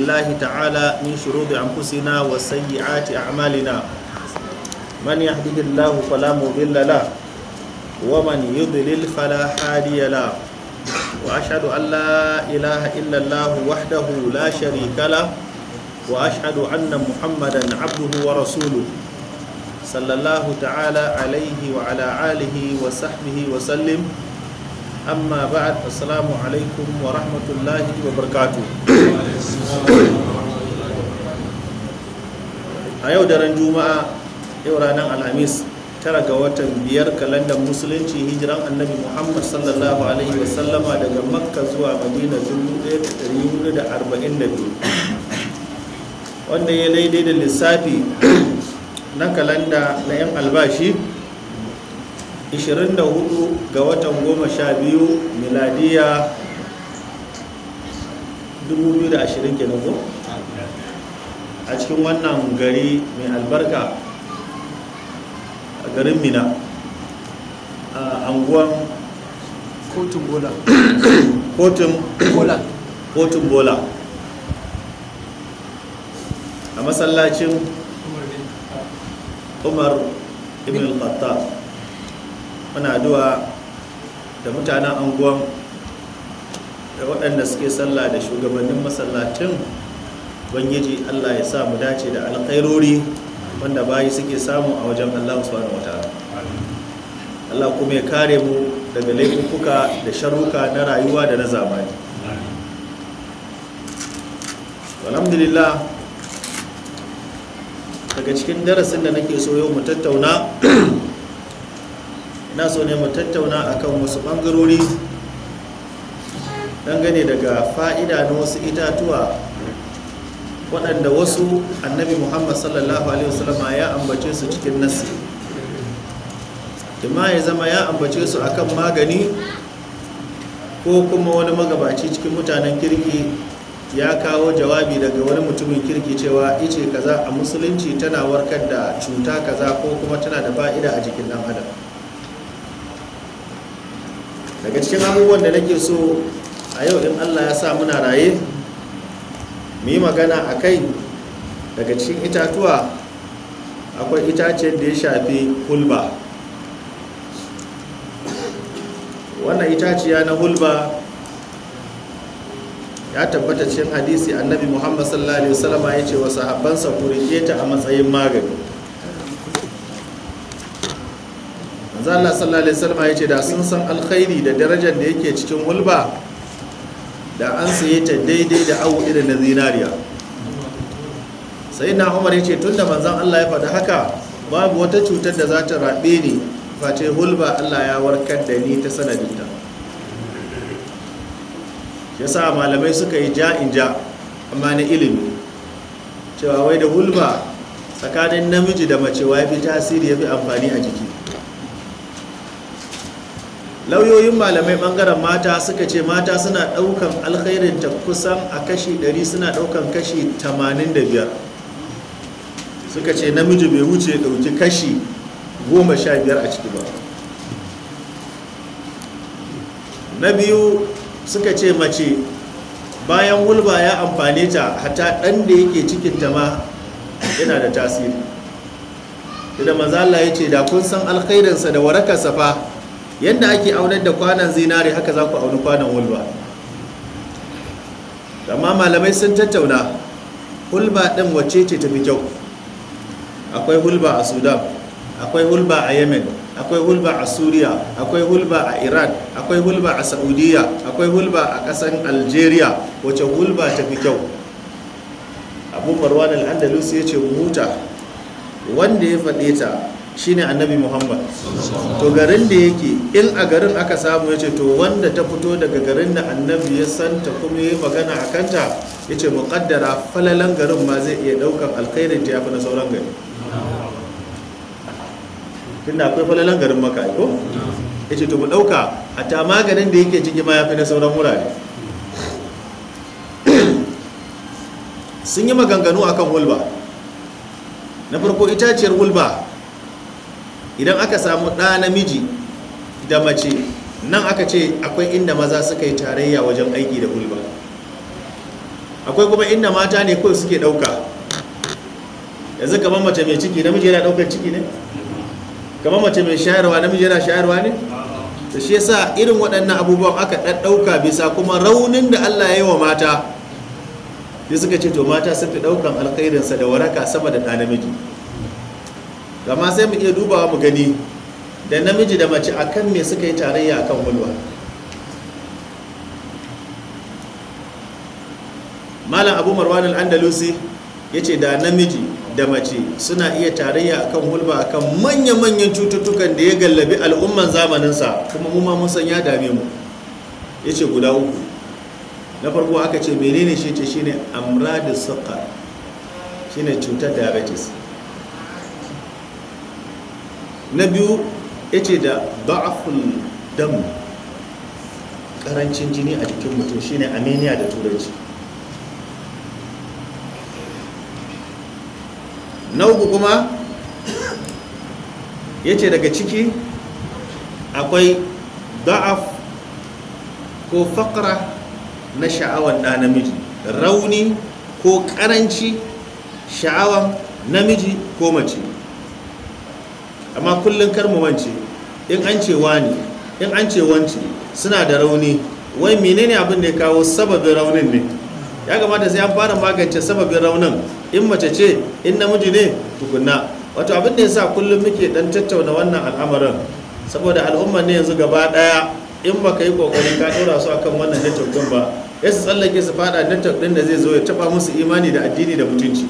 الله تعالى من شرور أنفسنا وسيئات أعمالنا من يهده الله فلا مضل له ومن يضلل فلا هادي له وأشهد أن لا إله إلا الله وحده لا شريك له وأشهد أن محمدا عبده ورسوله صلى الله تعالى عليه وعلى آله وصحبه وسلم amma ba'ad assalamu alaikum wa rahmatullahi wa barkatu a yau daren juma'a yau ranar alhamis tara ga watan biyar kalandar musulunci hijiran annabi muhammad sallallahu alaihi sallama daga makka zuwa madina 1442 wanda ya daidai da lissafi na kalanda na 'yan albashi 24 ga watan 12 miladiya 2020 kenan ko a cikin wannan gari mai albarka a garin mina a anguwan kotun bola kotun bola a masallacin umar ibn al-khattab muna addu'a da mutanen anguwan da waɗanda suke sallah da shugabannin masallatin bangiji Allah ya sa mu dace da alkhairori wanda bayi suke samu a wajen Allah subhanahu wataala Allah kuma ya kare mu daga laifuka da sharuka na rayuwa da na zamani alhamdulillah daga cikin darasin da nake so yau mu tattauna na so ne mu tattauna akan wasu ɓangarori dangane daga fa'ida na wasu itatuwa waɗanda wasu annabi muhammad sallallahu alaihi wasallama ya ambace su cikin nasi jima ya zama ya ambace su akan magani ko kuma wani magabaci cikin mutanen kirki ya kawo jawabi daga wani mutumin kirki cewa ice kaza a musulunci tana warkar da cuta kaza ko kuma tana da fa'ida a jikin ɗan adam daga cikin abubuwan da nake so a yau in allah ya sa muna raye mu yi magana a kai daga cikin itatuwa akwai itacen da ya shafi hulba wannan itaciya na hulba ya tabbata cikin hadisi annabi muhammad sallallahu alaihi wasallama ya ce wa sahabbansa ku ta a matsayin magani Allah sallallahu alaihi wasallam ya da sun san alkhairi da darajar da yake cikin hulba da an saye ta daidai da awu irin na zinariya sai na umar ya ce tun da manzan allah ya faɗi haka babu wata cutar da za ta rabe ni face hulba allah ya warkar da ni ta sanadinta ya sa malamai suka yi ja'in ja amma na ilimi cewa wai da hulba tsakanin namiji da mace wa ya fi tasiri ya fi amfani a jiki lauyoyin malamai bangaren mata suka ce mata suna daukan alkhairin ta kusan a kashi 100 suna daukan kashi 85 suka ce namiji bai wuce dauki kashi 15 a ciki ba na biyu suka ce mace bayan wulba ya amfane ta hata ɗan da yake ta ma yana da tasiri idan maza Allah ya ce da kun san alkhairinsa da warakarsa fa yadda ake aunar da kwanan zinari haka za ku auni kwanan hulba amma malamai sun tattauna hulba ɗin wacce ce tafi kyau akwai hulba a sudan akwai hulba a yemen akwai hulba a suriya akwai hulba a iran akwai hulba a saudiya akwai hulba a ƙasan algeria wacce hulba tafi kyau abu marwan al'andalus ya ce muta wanda ya faɗe ta shine annabi muhammad to garin da yake in a garin aka samu ya ce to wanda ta fito daga garin da annabi ya santa kuma ya magana a kanta ya ce muƙaddara falalan garin ma zai iya ɗaukan alkhairin ta ya fi na sauran gari tunda akwai falalan garin maka ko ya ce to mu ɗauka a ta maganin da yake jigi ma ya fi na sauran wurare sun yi maganganu akan wulba na farko itaciyar wulba idan aka samu ɗa namiji da mace nan aka ce akwai inda maza suka yi tarayya wajen aiki da gulba akwai kuma inda mata ne kawai suke ɗauka yanzu kamar mace mai ciki namiji yana ɗaukar ciki ne kamar mace mai shayarwa namiji yana shayarwa ne da shi yasa irin waɗannan abubuwan aka ɗaɗɗauka bisa kuma raunin da Allah ya yi wa mata sai suka ce to mata sun fi ɗaukan alkhairinsa da waraka sama da ɗa namiji gama sai mu iya dubawa mu gani da namiji da mace akan me suka yi tarayya akan hulwa malam abu marwan al'andalusi andalusi ya ce da namiji da mace suna iya tarayya akan hulba akan manya-manyan cututtukan da ya gallabi al'umman zamaninsa kuma mu ma musan ya dame mu ya ce guda uku na farko aka ce menene shi ce shi shine amradus sukar ne cutar diabetes na biyu ya ce da ba'aful dam karancin jini a jikin mutum shine aminiya da turanci na uku kuma ya ce daga ciki akwai ba'af ko fakra na sha'awan da namiji rauni ko karanci sha'awan namiji ko mace amma kullum kar mu wance in an ce wani in an ce wance suna da rauni wai menene abin da ya kawo sababin raunin ne ya kamata sai an fara magance sababin raunin in mace ce in namiji ne tukunna wato abin da ya sa kullum muke dan tattauna wannan al'amarin saboda al'umma ne yanzu gaba daya in baka yi kokari ka dora su akan wannan network din ba ya su tsallake su fada network din da zai zo ya taba musu imani da addini da mutunci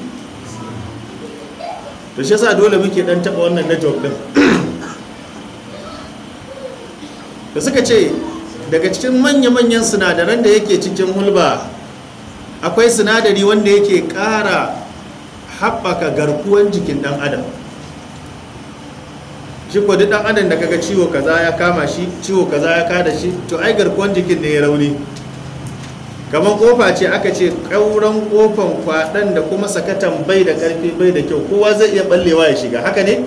to shi yasa dole muke dan taba wannan network din da suka ce daga cikin manya-manyan sinadaran da yake cikin hulba akwai sinadari wanda yake kara haɓaka garkuwan jikin ɗan adam shi ko duk dan adam da kaga ciwo kaza ya kama shi ciwo kaza ya kada shi to ai garkuwan jikin da ya rauni kamar kofa ce aka ce ƙauran kofan kwaɗan da kuma sakatan bai da ƙarfi bai da kyau kowa zai iya ballewa ya shiga haka ne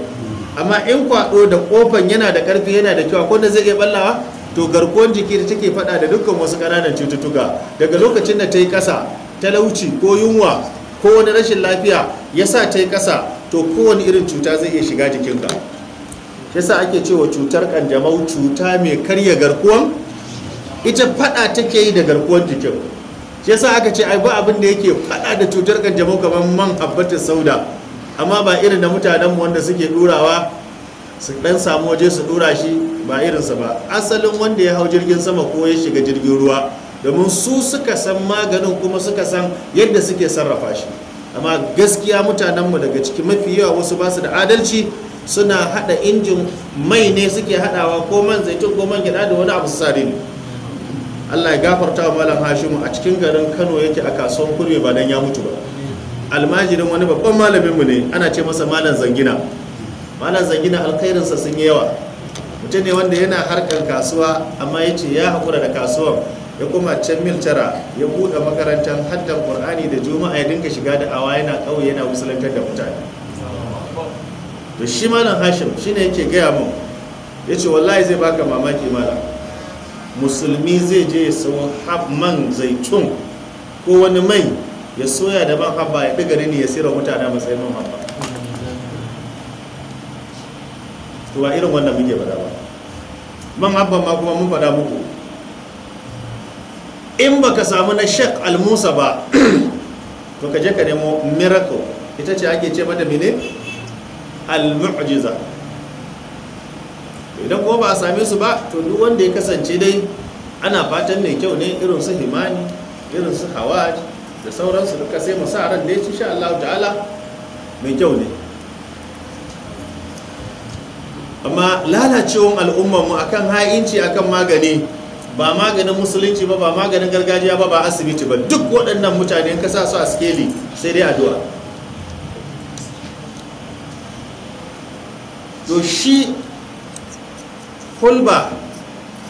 amma in kwaɗo da kofan yana da ƙarfi yana da kyau akwai da zai iya ballawa to garkuwar jiki da take faɗa da dukkan wasu ƙananan cututtuka daga lokacin da ta yi ƙasa talauci ko yunwa ko wani rashin lafiya ya sa ta yi ƙasa to kowane irin cuta zai iya shiga jikinka yasa ake cewa cutar kanjamau cuta mai karya garkuwan ita faɗa take yi da garkuwan jikin shi yasa aka ce ai ba abin da yake fada da cutar kanjamau kamar man habbatar sauda amma ba irin da mutanenmu wanda suke durawa su dan samu waje su dura shi ba irinsa ba asalin wanda ya hau jirgin sama ko ya shiga jirgin ruwa domin su suka san maganin kuma suka san yadda suke sarrafa shi amma gaskiya mutanenmu daga cikin mafi yawa wasu ba su da adalci suna hada injin mai ne suke hadawa ko man zaitun ko man gyada da wani abu su Allah ya gafarta wa malam Hashimu a cikin garin Kano yake a kasuwar kurme ba dan ya mutu ba almajirin wani babban mu ne ana ce masa malam zangina malam zangina alkhairinsa sun yi yawa mutum ne wanda yana harkar kasuwa amma yace ya haƙura da kasuwar ya kuma can mil tara ya buɗe makarantar haddan ƙur'ani da juma'a ya dinga shiga da awa yana ƙauye yana musulantar da mutane to shi malam hashim shine yake gaya mun Yace, wallahi zai baka mamaki malam musulmi zai je ya sayo man zaitun ko wani mai ya soya da ban haba ya ɗiga ne ya sayar mutane matsayin man haba to ba irin wannan muke faɗa ba man habban ma kuma mun fada muku in ba ka samu na shek almusa ba to ka je ka nemo miracle ita ce ake ce mata mene al-mu'jiza idan kuma ba a same su ba to duk wanda ya kasance dai ana fatan mai kyau ne irin su himani irin su Hawa da sauransu duka sai masu ran da ya ci sha Allah ta'ala mai kyau ne amma lalacewar mu akan ha'inci akan magani ba maganin musulunci ba ba maganin gargajiya ba ba asibiti ba duk waɗannan mutane ka sa su a skeli sai dai addu'a to shi hulba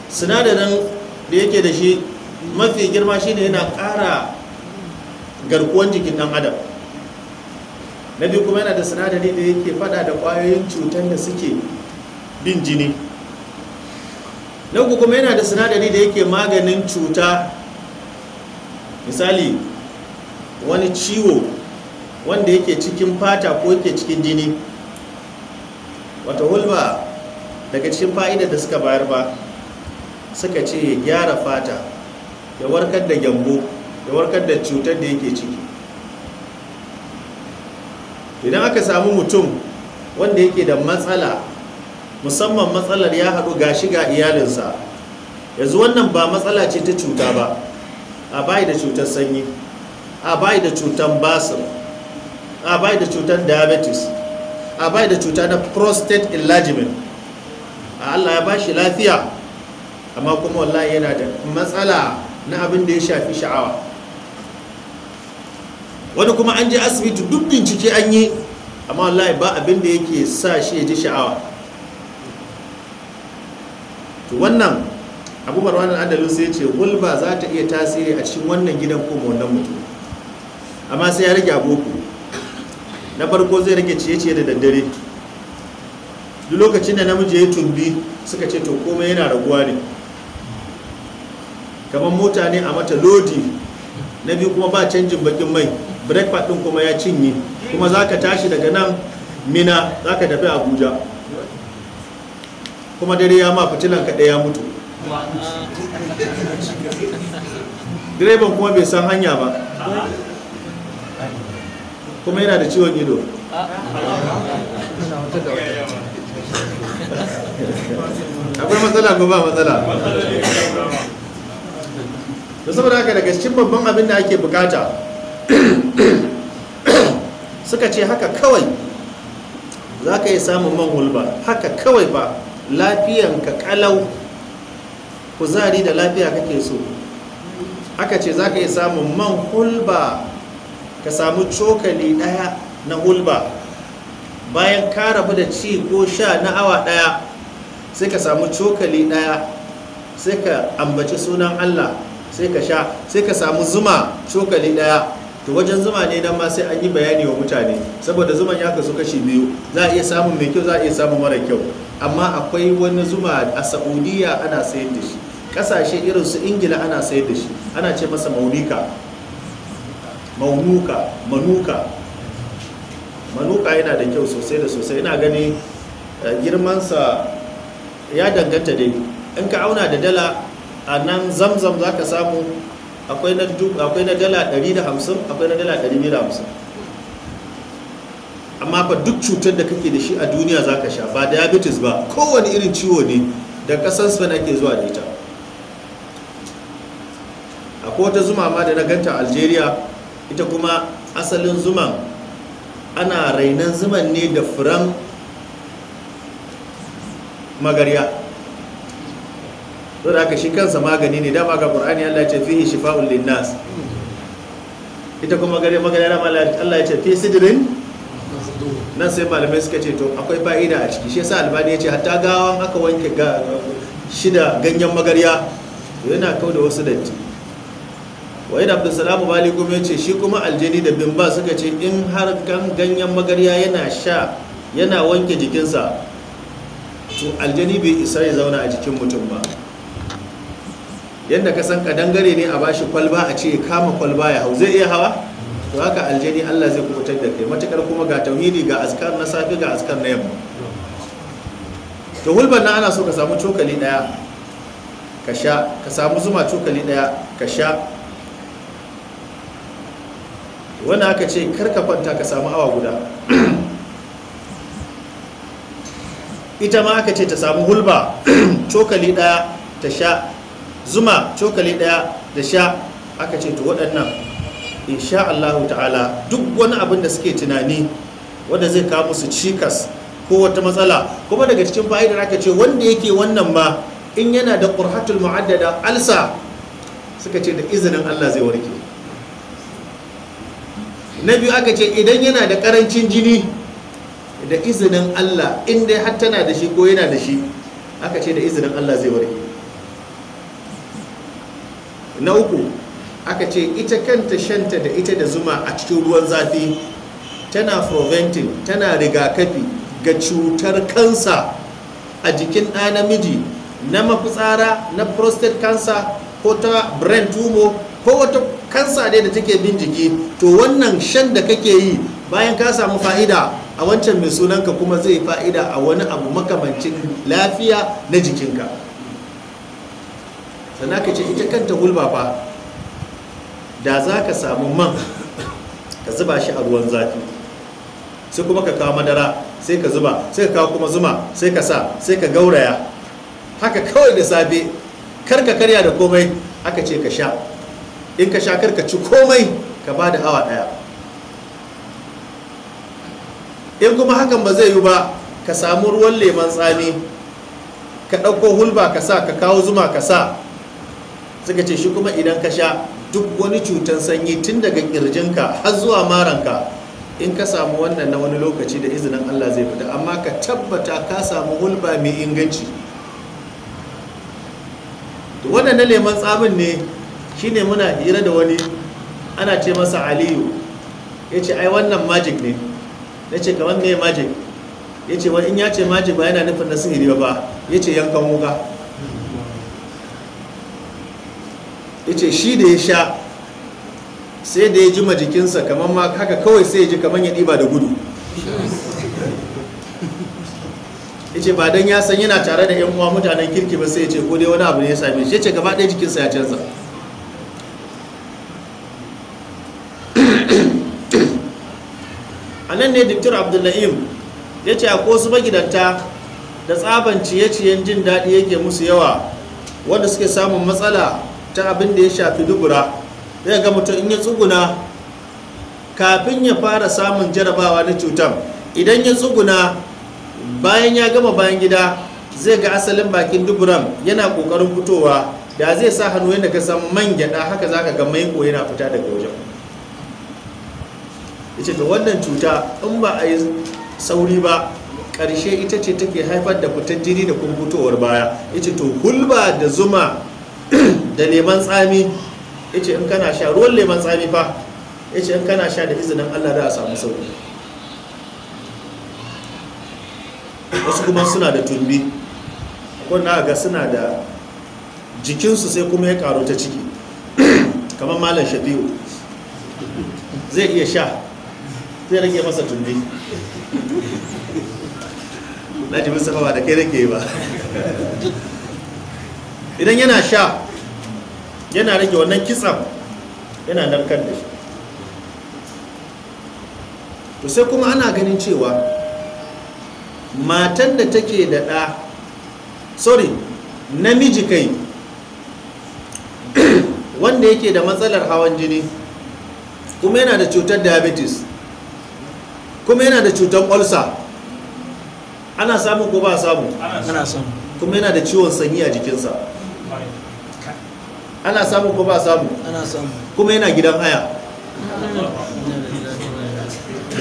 sinadarin da yake da shi mafi girma shi ne yana ƙara garkuwan jikin ɗan adam na biyu kuma yana da sinadari da yake fada da ƙwayoyin cutar da suke bin jini na uku kuma yana da sinadari da yake maganin cuta misali wani ciwo wanda yake cikin fata ko yake cikin jini wata hulba daga cikin fa'idar da suka bayar ba suka ce ya gyara fata ya warkar da gyambo ya warkar da cutar da yake ciki idan aka samu mutum wanda yake da matsala musamman matsalar ya haɗu ga shiga iyalinsa yanzu wannan ba matsala ce ta cuta ba a bayi da cutar sanyi a bayi da cutar basir a bayi da cutar diabetes a bayi da cuta na prostate enlargement Allah ya bashi lafiya amma kuma wallahi yana da matsala na abin da ya shafi sha'awa wani kuma an je asibiti duk bincike an yi amma wallahi ba abin da yake sa shi ya ji sha'awa to wannan abu marwan al sai ce gulba za ta iya tasiri a cikin wannan gidan ko wannan mutum amma sai ya rage agogo na farko zai rage ciye-ciye da daddare duk lokacin da namiji ya tumbi suka ce to komai yana raguwa ne kamar mota ne a mata lodi na biyu kuma ba canjin bakin mai breakfast din kuma ya cinye kuma za ka tashi daga nan mina za ka tafi abuja kuma dare ya ma fitilan kaɗai ya mutu direban kuma bai san hanya ba kuma yana da ciwon ido akwai matsala ko ba matsala da saboda haka daga cikin babban abin da ake bukata suka ce haka kawai za ka yi samun man hulba haka kawai ba lafiyanka kalau kuzari da lafiya kake so aka ce za ka yi samun man hulba ka samu cokali daya na hulba bayan ka rabu da ci ko sha na awa ɗaya sai ka samu cokali ɗaya sai ka ambaci sunan Allah sai ka sha sai ka samu zuma cokali ɗaya to wajen zuma ne dan ma sai an yi bayani wa mutane saboda zuman ya kasu kashi biyu za a iya samun mai kyau za a iya samun mara kyau amma akwai wani zuma a saudiya ana sayar da shi kasashe irin su ingila ana sayar da shi ana ce masa maunika maunuka manuka manuka yana da kyau sosai da sosai ina gani eh, girmansa ya danganta dai in ka auna da dala a nan zamzam za ka samu akwai na dala 150 akwai na dala 250 amma fa duk cutar da kake da shi a duniya za ka sha ba diabetes ba kowane irin ciwo ne da kasan na ake zuwa da ita akwai wata zuma ma da na ganta algeria ita kuma asalin zuma. ana rainan zuman ne da furan magariya da aka shi kansa magani ne dama ga ƙur'ani Allah ce fi shifa shifa'un linnas ita kuma gare magariya dama Allah ce fi sidirin nan sai malamai suka ce to akwai fa'ida a ciki shi yasa albani ya ce hatta gawan aka wanke shida ganyen magarya yana kau da wasu datti wai da abdulsalam bali kuma ya ce shi kuma aljani da bimba suka ce in har kan ganyen magarya yana sha yana wanke jikinsa to aljini bai isa ya zauna a jikin mutum ba yadda ka san kadangare ne a bashi kwalba a ce kama kwalba ya hau zai iya hawa to haka aljini allah zai kuma da kai matukar kuma ga tauhidi ga askar na safi ga askar na yamma to hulban na ana so ka samu cokali daya ka sha ka samu zuma cokali daya ka sha wanda aka ce karka kwanta ka samu awa guda ita ma aka ce ta samu hulba cokali daya ta sha zuma cokali daya da sha aka ce ta waɗannan insha Allah ta'ala duk wani abin da suke tunani wanda zai kawo musu cikas ko wata matsala kuma daga cikin fa'idar aka ce wanda yake wannan ma in yana da ƙurhatul mu'addada alsa suka ce da izinin Allah zai warke na biyu aka ce idan yana da karancin jini da izinin Allah inda dai da shi ko yana da shi aka ce da izinin Allah zai warke na uku aka ce ita kanta shanta da ita da zuma a cikin ruwan zafi tana preventing tana rigakafi ga cutar kansa a jikin ɗa namiji na mafitsara na prostate cancer ko ta brain tumor ko wata kansa dai da take bin jiki to wannan shan da kake yi bayan ka samu fa'ida a wancan mai sunanka kuma zai fa'ida a wani abu makamancin lafiya na jikinka sannan ka ce ita kanta hulba fa da za ka samu man ka zuba shi a ruwan zafi sai kuma ka kawo madara sai ka zuba sai ka kawo kuma zuma sai ka sa sai ka gauraya haka kawai da safe kar ka karya da komai aka ce ka sha in ka sha ka ci komai ka ba da awa ɗaya in kuma hakan ba zai yi ba ka samu ruwan leman tsami ka ɗauko hulba ka sa ka kawo zuma ka sa suka ce shi kuma idan ka sha duk wani cutan sanyi tun daga ƙirjinka har zuwa maranka in ka samu wannan na wani lokaci da izinin Allah zai fita amma ka tabbata ka samu hulba mai inganci wannan na leman tsamin ne Shi ne muna hira da wani ana ce masa aliyu ya ce ai wannan magic ne na ce kamar ne magic ya ce wani in ya ce magic ba yana nufin na sihiri ba ya ce yankan wuga ya ce shi da ya sha sai da ya ji jikinsa kamar ma haka kawai sai ya ji kamar ya ɗiba da gudu ya ce ba don ya san yana tare da yan uwa mutanen kirki ba sai ya ce ko dai wani abu ne ya same shi ya ce gaba ɗaya jikinsa ya canza anan ne diktar abdullahim ya ce ko su magidanta da tsaban ciye-ciyen jin daɗi yake musu yawa wanda suke samun matsala ta abin da ya shafi dubura zai ga mutum in ya tsuguna kafin ya fara samun jarabawa na cutar idan ya tsuguna bayan ya gama bayan gida zai ga asalin bakin duburan yana ƙoƙarin fitowa da zai sa hannu yadda ka san man gyaɗa haka za zaka ga maiko yana fita daga wajen ya to wannan cuta in ba a yi sauri ba ƙarshe ita ce take haifar da fitar jini da kumbutowar baya ya to hulba da zuma da leman tsami ya ce in kana sha ruwan leman tsami fa ya ce in kana sha da izinin allah da a samu sauri wasu kuma suna da tumbi ko na ga suna da jikinsu sai kuma ya karo ta ciki kamar malam shafi'u zai iya sha sai rage masa tumbi na jimin sama ba da kai rage ba idan yana sha yana rage wannan kitsan yana narkar da shi to sai kuma ana ganin cewa matan da take da ɗa sorry namiji kai wanda yake da matsalar hawan jini kuma yana da cutar diabetes kuma yana da cutar ƙwalsa ana samu ko ba samu ana samu kuma yana da ciwon sanyi a jikinsa ana samu ko ba samu ana samu kuma yana gidan haya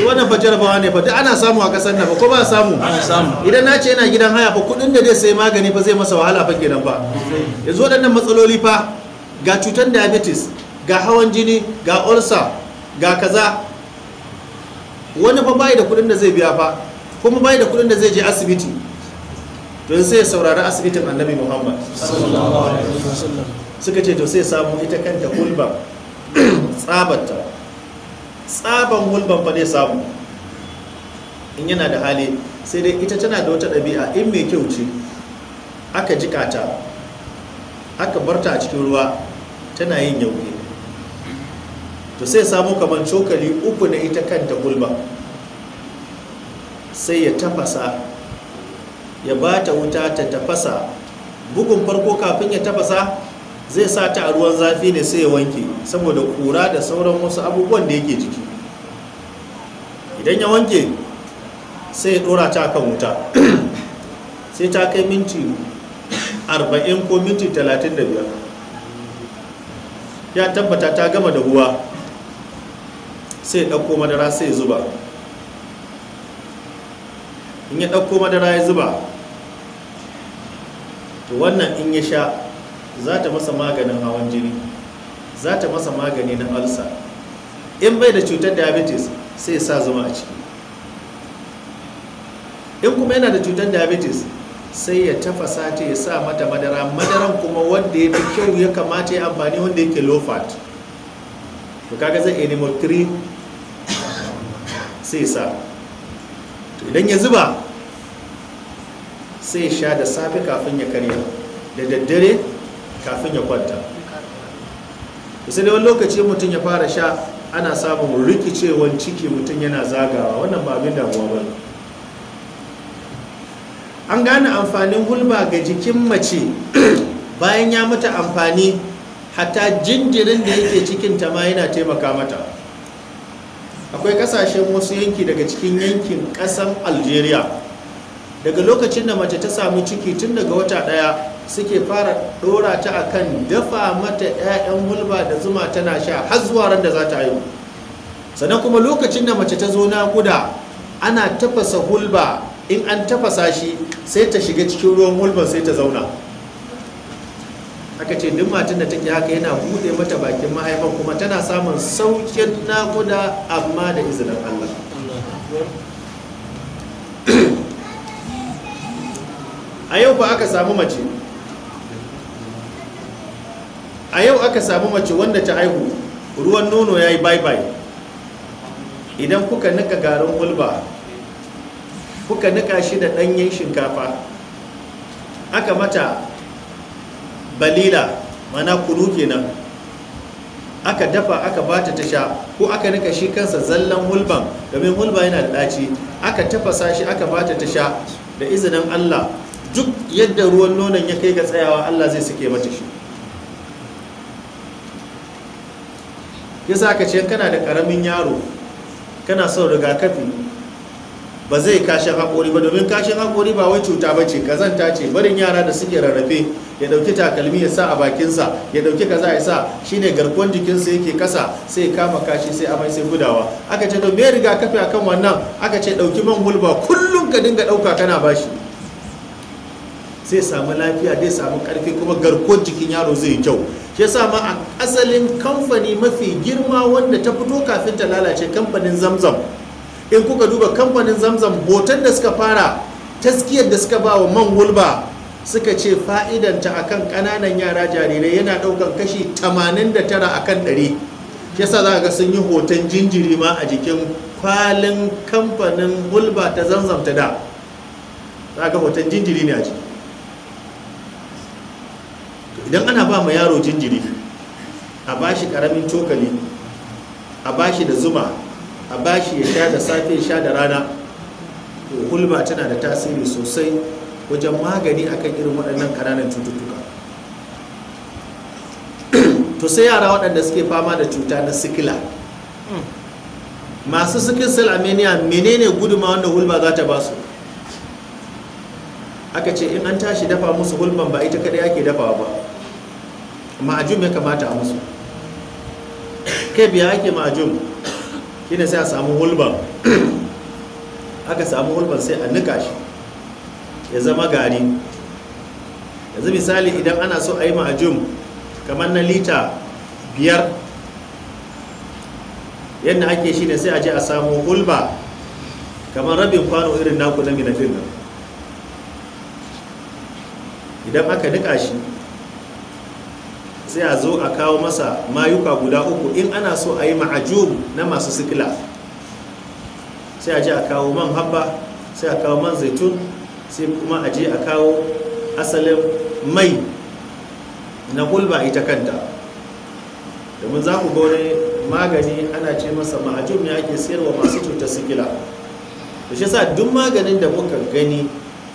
wannan fa ba ne fa ana samu a kasar nan ba ko ba samu idan na ce yana gidan haya fa kudin da zai sai magani fa zai masa wahala fa nan ba yanzu waɗannan matsaloli fa ga cutar diabetes ga hawan jini ga ulcer ga kaza wani fa bai da kudin da zai biya fa kuma bai da kudin da zai je asibiti don sai ya saurari asibitin annabi muhammad suka ce to sai samu ita kanta hulban tsabanta tsaban hulban fa dai samu in yana da hali sai dai ita tana da wata ɗabi'a in mai kyau ce aka jikata aka barta a cikin ruwa tana yin yauke to sai samu kamar cokali uku na ita kanta gulba sai ya tafasa ya ba ta wuta ta tafasa bugun farko kafin ya tafasa zai sa ta a ruwan zafi ne sai ya wanke saboda kura da sauran wasu abubuwan da yake jiki idan ya wanke sai ya dora ta kan wuta sai ta kai minti 40 ko minti 35 ya tabbata ta gama da ruwa sai ya ɗauko madara sai ya zuba in ya ɗauko madara ya zuba to wannan in ya sha za ta masa maganin hawan jini za ta masa magani na alsa in bai da cutar diabetes sai ya sa zuma a ciki in kuma yana da cutar diabetes sai ya tafasa ta ya sa mata madara madaran kuma wanda ya fi kyau ya kamata ya amfani wanda yake low fat to kaga zai iya nemo 3 sai sa to idan ya zuba sai sha da safe kafin ya karya da daddare kafin ya kwanta kusa da wani lokaci mutum ya fara sha ana samun rikicewan ciki mutum yana zagawa wannan ba abin damuwa ba an gane amfanin hulba ga jikin mace bayan ya mata amfani hatta jinjirin da yake cikinta ma yana taimaka mata akwai kasashen wasu yanki daga cikin yankin ƙasan algeria daga lokacin da mace ta sami ciki tun daga wata ɗaya suke fara dora ta akan dafa mata 'ya'yan hulba da zuma tana sha har zuwa ran da za ta haihu sannan kuma lokacin da mace ta zo na naƙuda ana tafasa hulba in an tafasa shi sai ta shiga cikin ruwan hulban sai ta zauna aka ce duk matan da take haka yana bude mata bakin mahaifan kuma tana samun saukin nakuda amma da izinin Allah a yau ba aka samu mace a yau aka samu mace wanda ta haihu ruwan nono ya yi bye-bye idan kuka nika garin hulba kuka nika shi da ɗanyen shinkafa aka mata balila mana kunu kenan aka dafa aka bata ta sha ko aka nika shi kansa zallan hulban domin hulba yana da ɗaci aka tafasa shi aka bata ta sha da izinin Allah duk yadda ruwan nonon ya kai ga tsayawa Allah zai suke mata shi yasa ka ce kana da karamin yaro kana son rigakafi ba zai kashin haƙori ba domin kashin haƙori ba wai cuta ba ce kazanta ce barin yara da suke rarrafe ya ɗauki takalmi ya sa a bakinsa ya ɗauki kaza ya sa ne garkuwar jikinsa yake kasa sai kama kashi sai amai sai gudawa aka ce to me a akan wannan aka ce ɗauki man hulba kullum ka dinga ɗauka kana bashi zai samu lafiya dai samu karfi kuma garkuwar jikin yaro zai kyau shi yasa ma a asalin kamfani mafi girma wanda ta fito kafin ta lalace kamfanin zamzam in kuka duba kamfanin zamzam hoton da suka fara taskiyar da suka ba wa man gulba suka ce fa'idanta akan ƙananan yara jarirai yana daukan kashi 89 akan 100 yasa za ga sun yi hoton jinjiri ma a jikin kwalin kamfanin gulba ta zamzam ta da za ga hoton jinjiri ne a jiki idan ana ba ma yaro jinjiri a bashi karamin cokali a bashi da zuma a bashi ya sha da safe ya sha da rana to hulba tana da tasiri sosai wajen magani akan irin waɗannan ƙananan cututtuka to sai yara waɗanda suke fama da cuta na sikila masu sikin cell menene guduma wanda hulba za ta ba su aka ce in an tashi dafa musu hulban ba ita kadai ake dafawa ba ma'ajum ya kamata a musu kai biya ake ma'ajum ne sai a samu hulban aka samu hulban sai a nika shi ya zama gari yanzu misali idan ana so a yi ma'ajum kamar na lita biyar yadda ake shi ne sai a je a samu hulba kamar rabin kwano irin naku na minafin nan idan aka nika shi sai a zo a kawo masa mayuka guda uku in ana so a yi ma'ajum na masu sikila sai a je a kawo man habba sai a kawo man zaitun sai kuma a je a kawo asalin mai na hulba ita kanta domin za ku wani magani ana ce masa ma'ajum ya ke wa masu cutar sikila da shi sa duk maganin da muka gani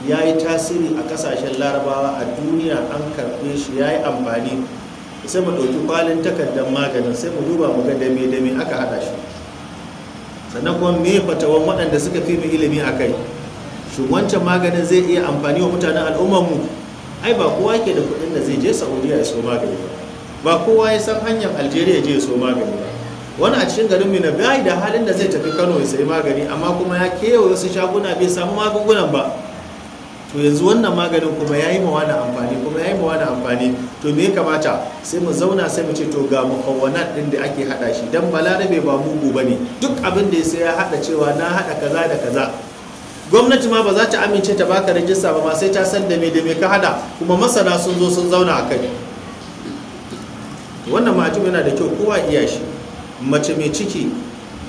ya yi tasiri a kasashen larabawa a duniya an karɓe shi ya yi amfani sai mu ɗauki kwalin takardar maganin sai mu duba mu ga dame dame aka hada shi sannan kuma me fatawan waɗanda suka fi mu ilimi a kai shi wancan maganin zai iya amfani wa mutanen al'ummarmu ai ba kowa ke da kuɗin da zai je saudiya ya so magani ba ba kowa ya san hanyar algeria ya je ya so magani ba wani a cikin garin mina bai da halin da zai tafi kano ya sayi magani amma kuma ya kewaye wasu shaguna bai samu magungunan ba to yanzu wannan maganin kuma ya yi mawa amfani kuma ya yi mawa amfani to me ya kamata sai mu zauna sai mu ce to ga mukawwanat din da ake hada shi dan balarabe ba mugu ba ne duk abin da ya sai ya hada cewa na haɗa kaza da kaza gwamnati ma ba za ta amince ta baka rajista ba ma sai ta san da me da me ka haɗa, kuma masana sun zo sun zauna a kai wannan majum yana da kyau kowa iya shi mace mai ciki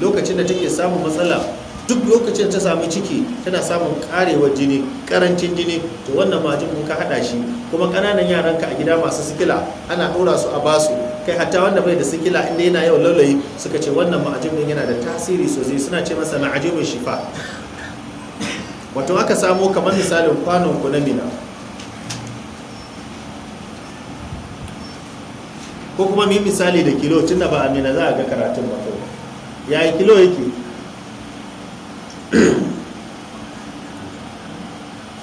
lokacin da take samun matsala duk lokacin ta sami ciki tana samun karewar jini karancin jini to wannan majin kun ka hada shi kuma kananan yaranka a gida masu sikila ana dora su a basu kai hatta wanda bai da sikila inda yana yau laulayi suka ce wannan majin din yana da tasiri sosai suna ce masa ma'ajibin shifa wato aka samo kamar misalin kwanon ku na mina ko kuma mu misali da kilo tunda ba a mina za a ga karatun ba ya yi kilo yake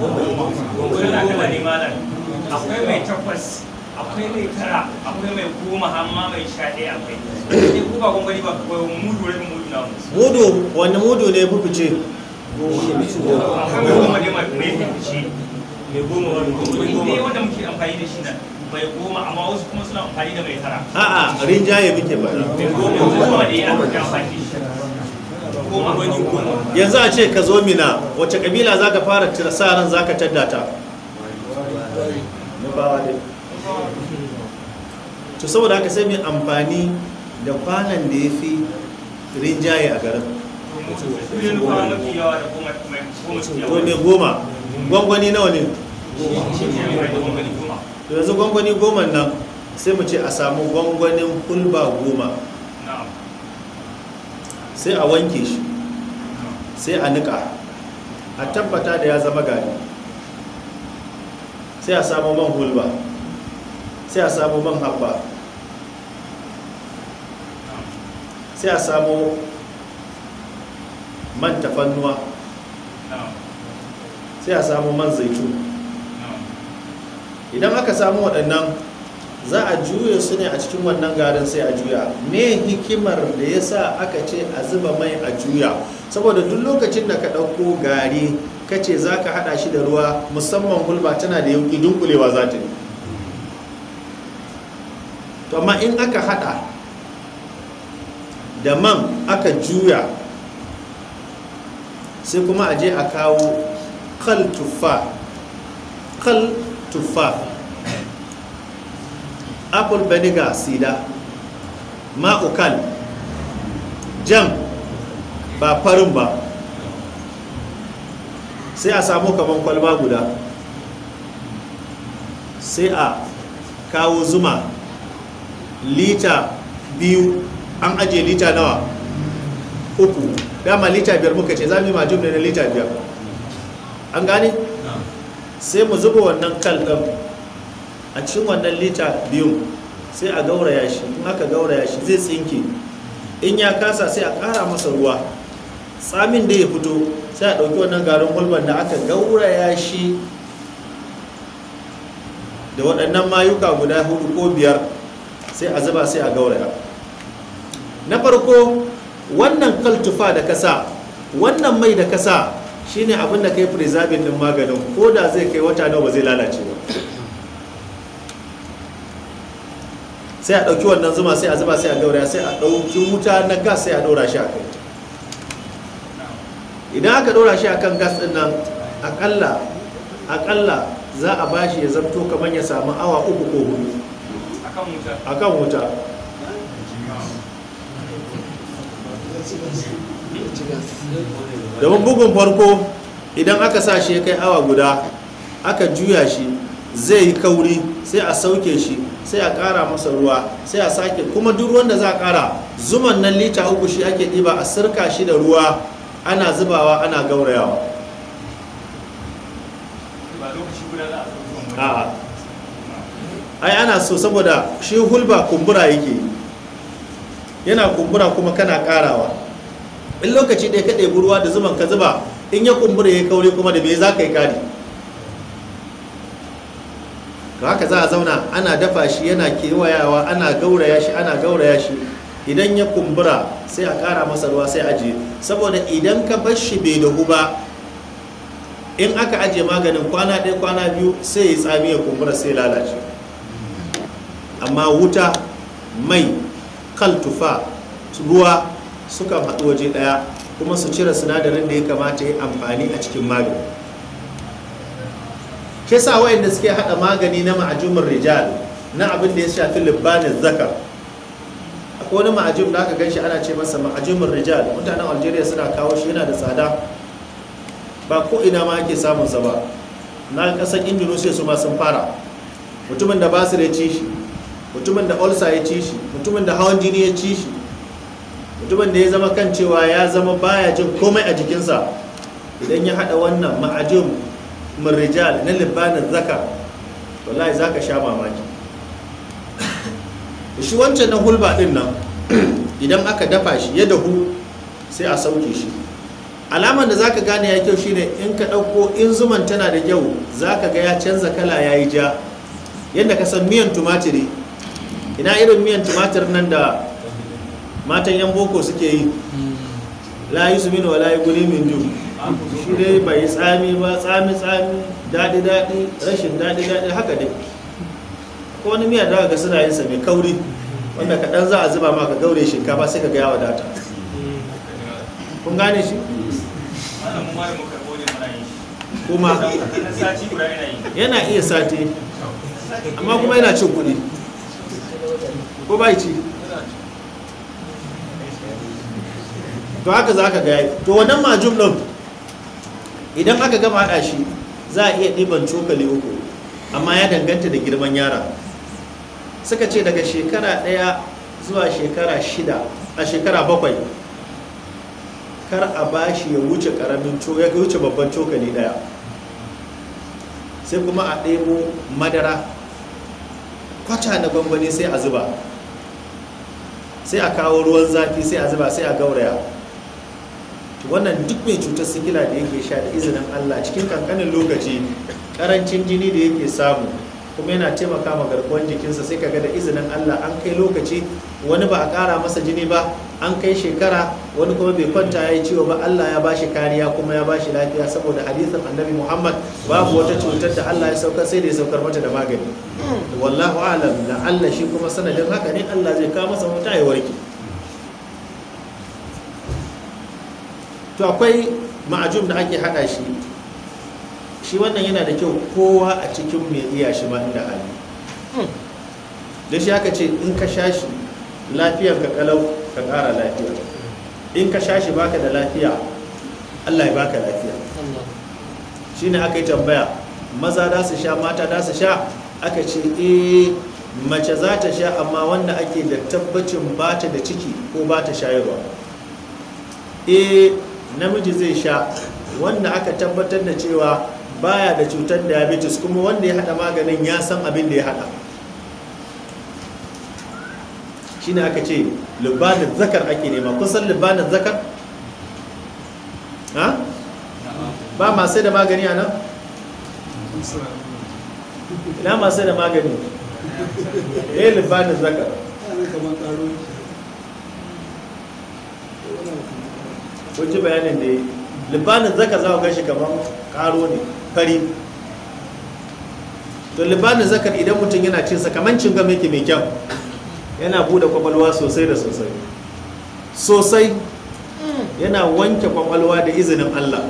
gwangwani na kala ne akwai mai takwas akwai mai tara akwai mai goma amma mai sha ɗaya akwai sai ku ba ba kawai mudu rabin mudu na mu mudu wani mudu ne bubuce akwai goma ne mai bubuce mai goma wani goma ne wanda muke amfani da shi nan mai goma amma wasu kuma suna amfani da mai tara a'a rinjaye muke ba mai goma goma ne ya amfani da shi yanzu a ce ka zo mina wacce kabila za ka fara sa za ka ta? to saboda haka sai mai amfani da kwanan da ya fi rinjaye a garin to ne goma gwangwani nawa ne yanzu gwangwani goma nan sai mu ce a samu gwangwanin hulba goma sai a wanke shi sai a nika a tabbata da ya zama gari sai a samu man hulba sai a samu man haɓɓa. sai a samu man tafannuwa sai a samu man zaitu idan aka samu waɗannan za a juya su ne a cikin wannan garin sai a juya me hikimar da ya sa aka ce a zuba mai a juya saboda duk lokacin da ka ɗauko gari ka ce za ka haɗa shi da ruwa musamman gulba tana da yauki dunkulewa za ta yi to amma in aka haɗa da man aka juya sai kuma a je a kawo kal tuffa apple vinegar sida ma'ukal jam ba farin ba sai a samu kaman kwalba guda sai a kawo zuma lita biyu an ajiye lita nawa uku dama lita biyar muka ce zami majum ne na lita biyar an gane sai mu zuba wannan kal ɗan. a cikin wannan lita biyu sai a gauraya shi in aka gauraya shi zai tsinke in ya kasa sai a kara masa ruwa tsamin da ya fito sai a ɗauki wannan garin hulban da aka gauraya shi da waɗannan mayuka guda hudu ko biyar sai a zuba sai a gauraya na farko wannan kaltufa da kasa wannan mai da kasa shine abin da kai preserving din maganin ko da zai kai wata nawa ba zai lalace ba sai a ɗauki wannan zuma sai a zuba sai a gauraya sai a ɗauki wuta na gas sai a ɗora shi a kai idan aka ɗora shi a kan gas ɗin nan aƙalla za a ba shi ya zarto kamar ya samu awa uku ko hudu a kan wuta domin bugun farko idan aka sa shi ya kai awa guda aka juya shi zai yi kauri sai a sauke shi sai a ƙara masa ruwa sai a sake kuma duk ruwan da za a ƙara zuman nan lita uku shi ake ɗiba a sirka shi da ruwa ana zubawa ana gaurayawa ai ana so saboda shi hulba kumbura yake yana kumbura kuma kana ƙarawa in lokaci ɗaya ka ɗebi ruwa da zuman ka zuba in ya kumbura ya kauri kuma da bai za ka yi kari to haka za a zauna ana dafa shi yana kewayawa ana gauraya shi ana gauraya shi idan ya kumbura sai a kara masa ruwa sai aje saboda idan ka bar shi bai dahu ba in aka ajiye maganin kwana ɗaya kwana biyu sai ya tsami ya kumbura sai lalace amma wuta mai tufa ruwa sukan haɗu waje ɗaya kuma su cire sinadarin da ya kamata ya amfani a cikin magani shi yasa wayanda suke hada magani na ma'ajumin rijal na abin da ya shafi libanin zakar akwai wani ma'ajum da aka ganshi ana ce masa ma'ajumin rijal mutanen algeria suna kawo shi yana da tsada ba ko ina ma ake samun sa ba na kasan indonesia su ma sun fara mutumin da basir ya ci shi mutumin da olsa ya ci shi mutumin da hawan jini ya ci shi mutumin da ya zama kan cewa ya zama baya jin komai a jikinsa idan ya hada wannan ma'ajum min na libanin zaka wallahi za ka sha mamaki shi wancan na hulba din nan idan aka dafa shi ya dahu sai a sauke shi alamar da zaka gane ya kyau shine in ka ɗauko in zuman tana da kyau zaka ga ya canza kala yayi yi ja yadda ka san miyan tumatiri ina irin miyan tumatir nan da matan yan boko suke yi la yi su min la yi shi dai bai tsami ba tsami tsami daɗi daɗi rashin daɗi daɗi haka dai ko wani miya da suna yin sa mai kauri wanda kaɗan za a zuba ma ka gaure shinkafa sai ka ga yawa data kun gane shi kuma yana iya sati amma kuma yana cin kuɗi ko bai ci to haka za ka gaya to wannan majum ɗin idan aka gama haɗa shi za a iya ɗiban cokali uku amma ya danganta da girman yara suka ce daga shekara ɗaya zuwa shekara shida a shekara bakwai kar a ba shi ya wuce ƙaramin ya wuce babban cokali ɗaya sai kuma a ɗebo madara kwata na gwangwani sai a zuba sai a kawo ruwan zafi sai a zuba sai a gauraya wannan duk mai cutar sikila da yake sha da izinin Allah cikin kankanin lokaci karancin jini da yake samu kuma yana taimaka ma garkuwar jikinsa sai ka ga da izinin Allah an kai lokaci wani ba a ƙara masa jini ba an kai shekara wani kuma bai kwanta ya yi ciwo ba Allah ya bashi kariya kuma ya bashi lafiya saboda hadisin annabi Muhammad babu wata cutar da Allah ya sauka sai da ya saukar mata da magani wallahu alam da Allah shi kuma sanadin haka ne Allah zai kawo masa mota ya warke to akwai ma'ajum da ake hada shi shi wannan yana da kyau kowa a cikin mai iya shi ba inda hali da shi aka ce in ka sha shi lafiyar ka kalau ka kara lafiya in ka sha shi baka da lafiya Allah ya baka lafiya shi ne aka yi tambaya maza da su sha mata da su sha aka ce eh mace za ta sha amma wanda ake da tabbacin ba ta da ciki ko ba ta shayarwa eh namiji zai sha wanda aka tabbatar da cewa baya da cutar diabetes kuma wanda ya hada maganin ya san abin da ya hada shi ne aka ce lubanin zakar ake nema kusan lubanin zakar? ha? ba masu da magani a nan? ina masu da magani? eh lubanin zakar kun bayanin da yi libanin zaka za ku gashi kamar karo ne fari to libanin zakar idan mutum yana cinsa kamar cingam yake mai kyau yana bude kwakwalwa sosai da sosai sosai yana wanke kwakwalwa da izinin allah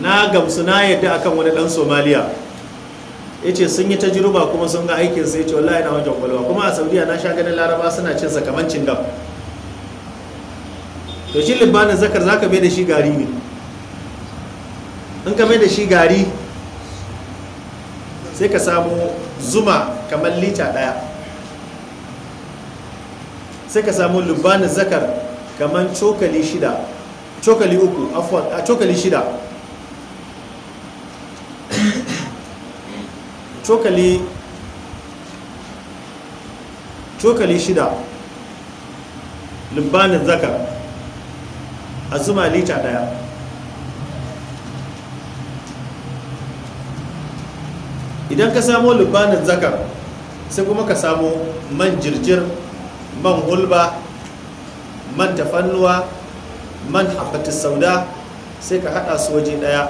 na gamsu na yadda akan wani dan somaliya ya ce sun yi ta jiruba kuma sun ga aikinsa ya ce wallahi na wanke kwalwa kuma a saudiya na sha ganin laraba suna cinsa kamar cingam to shi libanin zakar za ka mai da shi gari ne in ka mai da shi gari sai ka samu zuma kamar lita daya sai ka samu libanin zakar kamar cokali shida cokali uku a cokali shida cokali cokali shida libanin zakar a zuma lita daya idan ka samo lubanin zakar sai kuma ka samo man jirjir man hulba man tafannuwa man habatis sauda sai ka hada su waje daya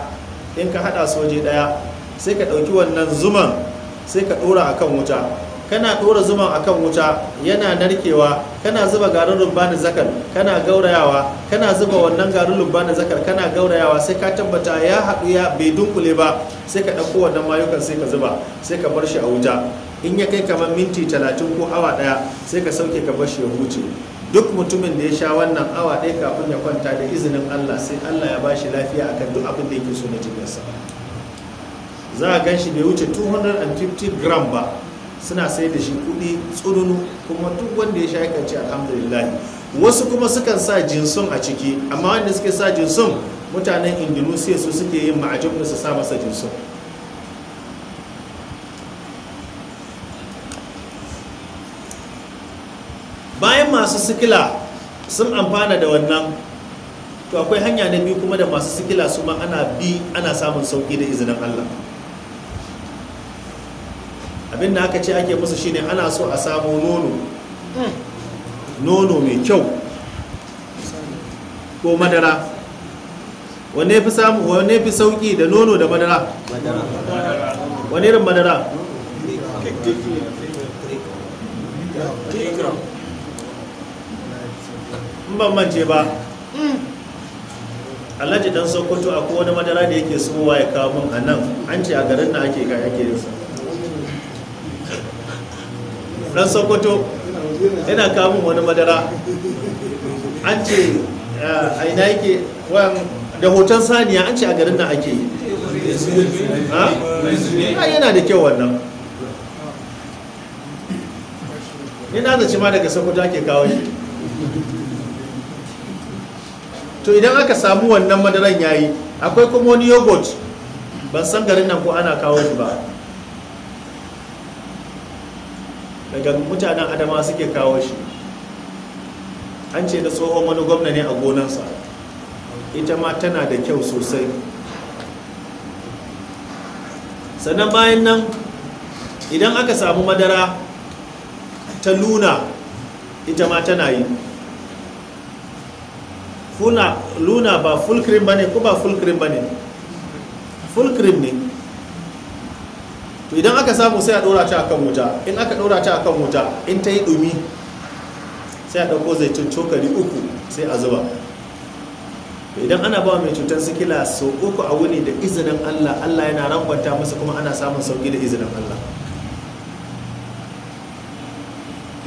in ka hada su waje daya sai ka ɗauki wannan zuman sai ka ɗora a kan wuta kana ɗora zuman kan wuta yana narkewa kana zuba garin rubbani zakar kana gaurayawa kana zuba wannan garin rubbani zakar kana gaurayawa sai ka tabbata ya haɗu ya bai dunkule ba sai ka ɗauko wannan mayukan sai ka zuba sai ka bar shi a wuta in ya kai kamar minti talatin ko awa ɗaya sai ka sauke ka bar shi ya huce duk mutumin da ya sha wannan awa ɗaya kafin ya kwanta da izinin Allah sai Allah ya bashi lafiya akan duk abin da yake so na jikinsa za a gan shi bai wuce 250 gram ba suna sai da shi kudi tsununu kuma duk wanda ya sha ce alhamdulillah wasu kuma sukan sa jinsun a ciki amma wanda suke sa jinsun mutanen indonesia su suke yin ma'ajin su sa masa jinsun bayan masu sikila sun amfana da wannan to akwai hanya na biyu kuma da masu sikila su ma ana bi ana samun sauki da izinin allah abinda aka ce ake musu shine ana so a samu nono nono mai kyau ko madara wanne fi samu wane fi sauki da nono da madara wane irin madara in ban mance ba alhaji dan sokoto akwai wani madara da yake sowa ya kawo mun a nan an ce a garin na ake ga yake yinsa dan sokoto yana kamun wani madara an ce eh, a ina yake da hoton saniya an ce a garin nan ake yi ha yana da kyau wannan ni na zaci ma daga sokoto ake kawo shi to idan aka samu wannan madaran yayi akwai kuma wani yogurt ban san garin nan ko ana kawo shi ba daga mutanen adama suke kawo shi an ce da tsohon wani gwamna ne a gonansa ita ma tana da kyau sosai sannan bayan nan idan aka samu madara ta luna ita ma tana yi luna ba full cream ba ne ko ba full cream ba ne full cream ne to idan aka samu sai a ɗora ta akan wuta in aka ɗora ta akan wuta in ta yi ɗumi sai a ɗauko zaitun cokali uku sai a zuba idan ana ba mai cutar sikila sau uku a wuni da izinin allah allah yana rangwanta masa kuma ana samun sauki da izinin allah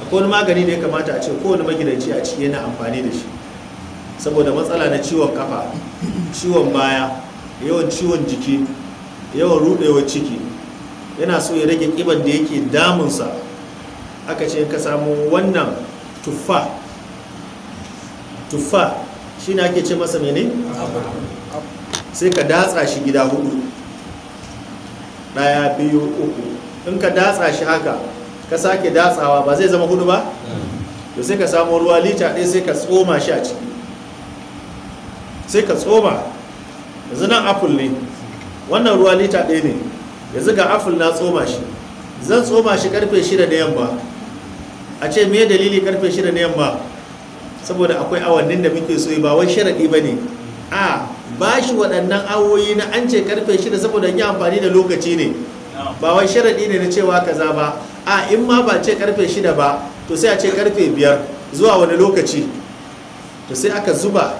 akwai wani magani da ya kamata a ce kowane magidanci a ciki yana amfani da shi saboda matsala na ciwon kafa ciwon baya yawan ciwon jiki yawan rudewa ciki yana so ya rage kiban da yake damunsa aka ce ka samu wannan tuffa tuffa shi ne ake ce masa mene? sai ka datsa shi gida hudu daya biyu uku in ka datsa shi haka ka sake datsawa ba zai zama hudu ba? da sai ka samu ruwa lita ɗaya sai ka tsoma shi a ciki sai ka tsoma zinan apple ne wannan ruwa lita ɗaya ne yanzu ga apple na tsoma shi zan tsoma shi karfe 6 na yamma a ce me dalili karfe shida na yamma saboda akwai awannin da muke so ba wai sharadi bane a ba shi waɗannan awoyi na an ce karfe shida saboda yi amfani da lokaci ne ba wai sharadi ne na cewa kaza ba a in ma ba ce karfe shida ba to sai a ce karfe biyar zuwa wani lokaci to sai aka zuba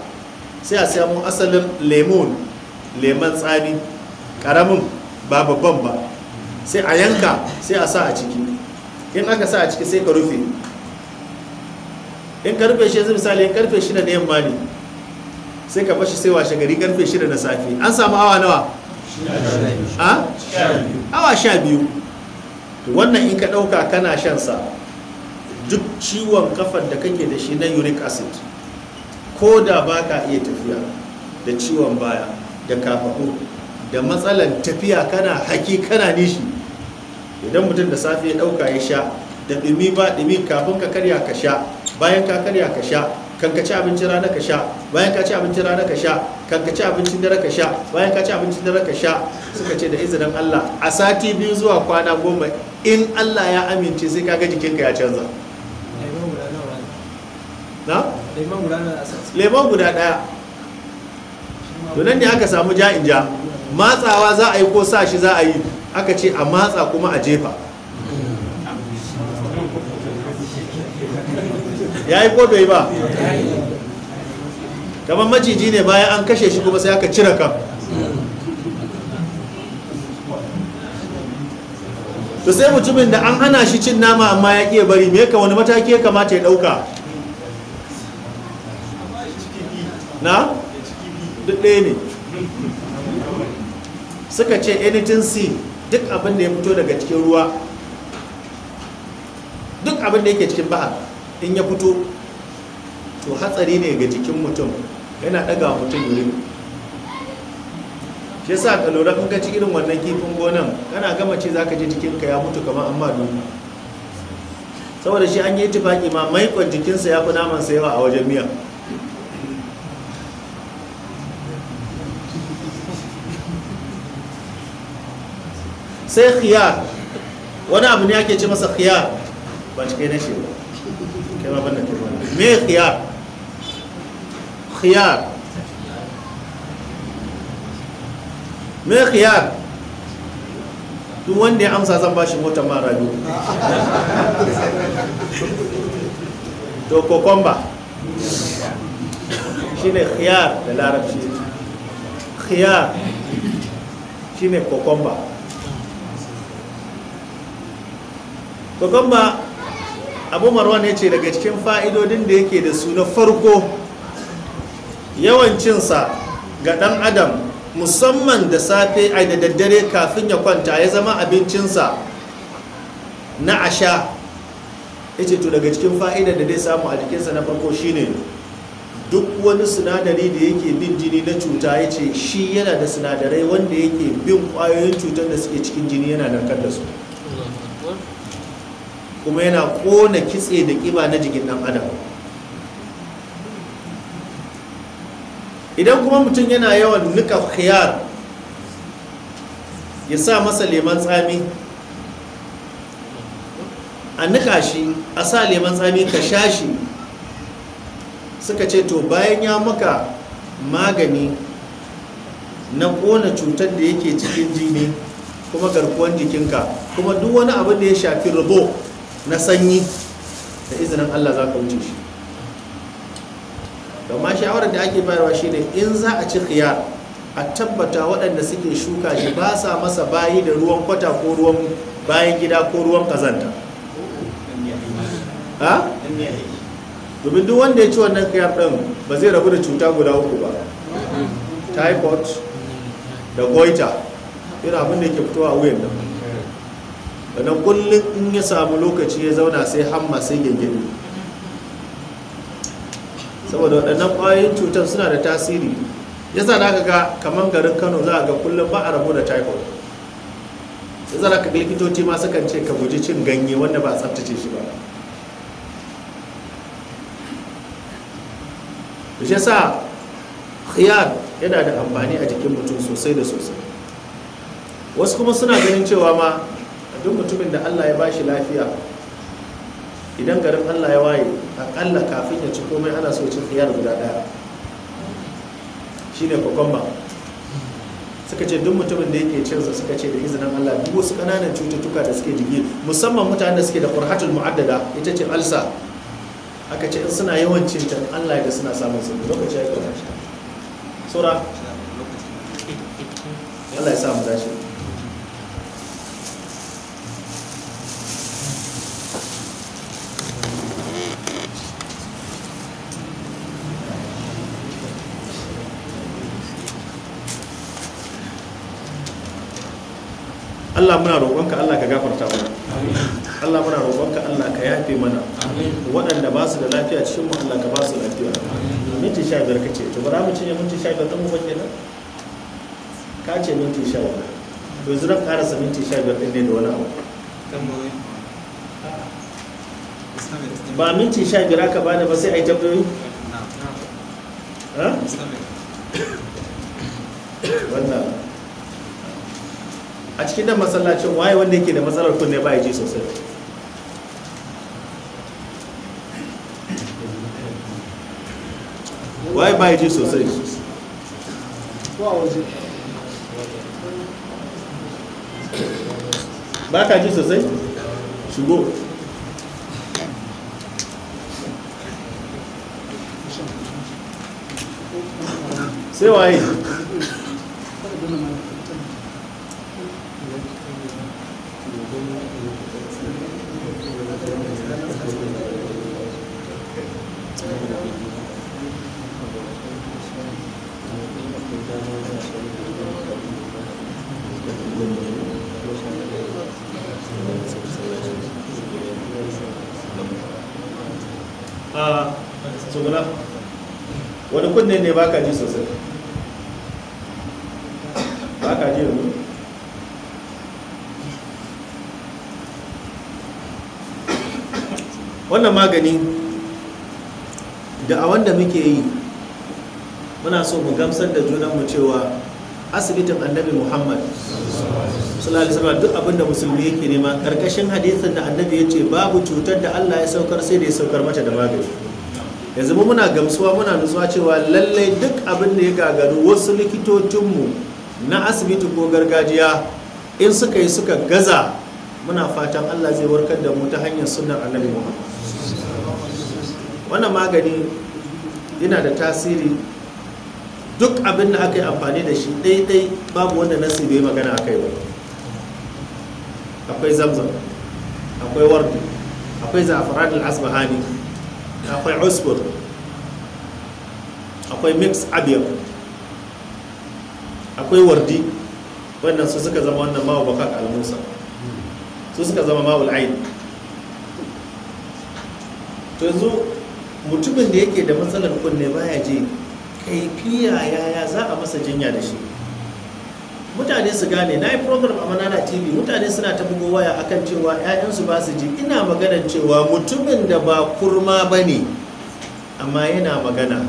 sai a samu asalin lemon lemon tsami karamin ba babban ba sai a yanka sai a sa a ciki in aka sa a ciki sai ka rufe in karfe shi yanzu misali in karfe shi na yamma ne sai ka bashi sai washe gari karfe shi na safe an samu awa nawa awa sha biyu wannan in ka ɗauka kana shansa duk ciwon kafar da kake da shi na uric acid ko da ba ka iya tafiya da ciwon baya da kafaɗo da matsalan tafiya kana haki kana nishi idan mutum da safe ya dauka ya sha da dumi ba dumi kafin ka karya ka sha bayan ka karya ka sha kan ka ci abincin rana ka sha bayan ka ci abincin rana ka sha kan ka ci abincin dare ka sha bayan ka ci abincin dare ka sha suka ce da izinin Allah a sati biyu zuwa kwana goma in Allah ya amince sai kaga jikinka ya canza na? lemon guda daya Tunan ne aka samu ja in ja matsawa za a yi ko sa shi za a yi aka ce a matsa kuma a jefa ya yi ko bai ba kamar maciji ne bayan an kashe shi kuma sai aka cire kan to sai mutumin da an hana shi cin nama amma ya ƙiye bari me ka wani mataki ya kamata ya ɗauka na? duk ɗaya ne suka ce anything sea duk abin da ya fito daga cikin ruwa duk abin da yake cikin bahar in ya fito to hatsari ne ga jikin mutum yana daga mutum yuri shi sa ka lura kun gaci irin wannan kifin gonan kana gama ce za ka ji jikinka ya mutu kamar amma duniya saboda shi an yi tufaƙi ma maikon jikinsa ya fi naman sayawa a wajen miya sai khiyar wani abu ne ake ce masa khiyar ba cike na shewa kai ma bannan teku me khiyar khiyar me khiyar duk wanda ya amsa zan bashi motar mara biyu to kokomba shi ne khiyar da larabci khiyar shi ne kokomba to ba abu marwan ya ce daga cikin fa'idodin da yake da su na farko yawancinsa ga ɗan adam musamman da safe a da daddare kafin ya kwanta ya zama abincinsa na asha ya ce to daga cikin fa'idar da zai samu a jikinsa na farko shi ne duk wani sinadari da yake bin jini na cuta ya ce shi yana da sinadarai wanda yake bin ƙwayoyin cutar da suke cikin jini yana narkar da su kuma yana kona kitse da kiba na jikin dan adam idan kuma mutum yana yawan nika khiyar ya sa masa leman tsami a nika shi a sa leman tsami ka sha shi suka ce to bayan ya maka magani na kona cutar da yake cikin jini kuma garkuwan jikinka kuma duk wani abin da ya shafi rubo na sanyi da izinin Allah za ka wuce shi domin shawarar da ake bayarwa shine in za a ci khiyar a tabbata waɗanda suke shuka shi ba sa masa bayi da ruwan kwata ko ruwan bayan gida ko ruwan kazanta ha? domin duk wanda ya ci wannan khiyar ɗin ba zai rabu da cuta guda uku ba typhoid da goita irin abin da yake fitowa a wuyan nan sannan kullum in ya samu lokaci ya zauna sai hamma sai gyangyaɗi saboda waɗannan ƙwayoyin cutar suna da tasiri yasa da aka ga kamar garin kano za a ga kullum ba a rabu da typhoid yasa da aka ga likitoci masu kance ka guji cin ganye wanda ba a tsaftace shi ba ya sa? khiyar yana da amfani a jikin mutum sosai da sosai wasu kuma suna ganin cewa ma duk mutumin da Allah ya bashi lafiya idan garin Allah ya waye akalla kafin ya ci komai ana so cin fiyar guda daya shine kokomba suka ce duk mutumin da yake cinsa suka ce da izinin Allah duk wasu kananan cututtuka da suke jigi musamman mutanen da suke da qurhatul mu'addada ita ce alsa aka ce in suna yawan cin ta Allah da suna samun sun lokaci ya yi sura Allah ya samu dashi Allah muna roƙonka Allah ka gafarta mana Allah muna roƙonka Allah ka yafe mana waɗanda ba su da lafiya cikin mu Allah ka ba su lafiya minti sha biyar kace to bari mu cinye minti sha biyar ɗan mu bakke nan ka ce minti sha biyar to yanzu zan ƙarasa minti sha biyar ɗin ne da wani abu ba minti sha biyar aka bani ba sai a yi tambayoyi a cikin nan masallacin waye wanda yake da matsalar kunne ba ya ji sosai waye ba ya ji sosai ba ka ji sosai shigo sai waye ne ka ji sosai ka ji yanzu wannan magani da a wanda muke yi muna so mu gamsar da junanmu cewa asibitin annabi muhammad sallallahu duk abinda musulmi yake nema karkashin hadisin da annabi ya ce babu cutar da allah ya saukar sai da ya saukar mata da magani yanzu mu muna gamsuwa muna nutsuwa cewa lallai duk abin da ya gagaru wasu likitocinmu na asibiti ko gargajiya in suka yi suka gaza muna fatan allah zai warkar da mu ta hanyar sunan annabi mu. wannan magani yana da tasiri duk abin da aka yi amfani da shi ɗaiɗai babu wanda nasi bai magana a kai akwai zamzam akwai wardi akwai za'afaran al-asbahani akwai usbur akwai mix abiyar akwai wardi wannan su suka zama wannan mawa bakar al-musa su suka zama mawul ain to yanzu mutumin da yake da matsalar kunne baya je kaifiya yaya za a masa jinya da shi mutane su gane na yi program a manana tv mutane suna ta bugo waya akan cewa 'ya'yansu ba su ji ina magana cewa mutumin da ba kurma ba ne amma yana magana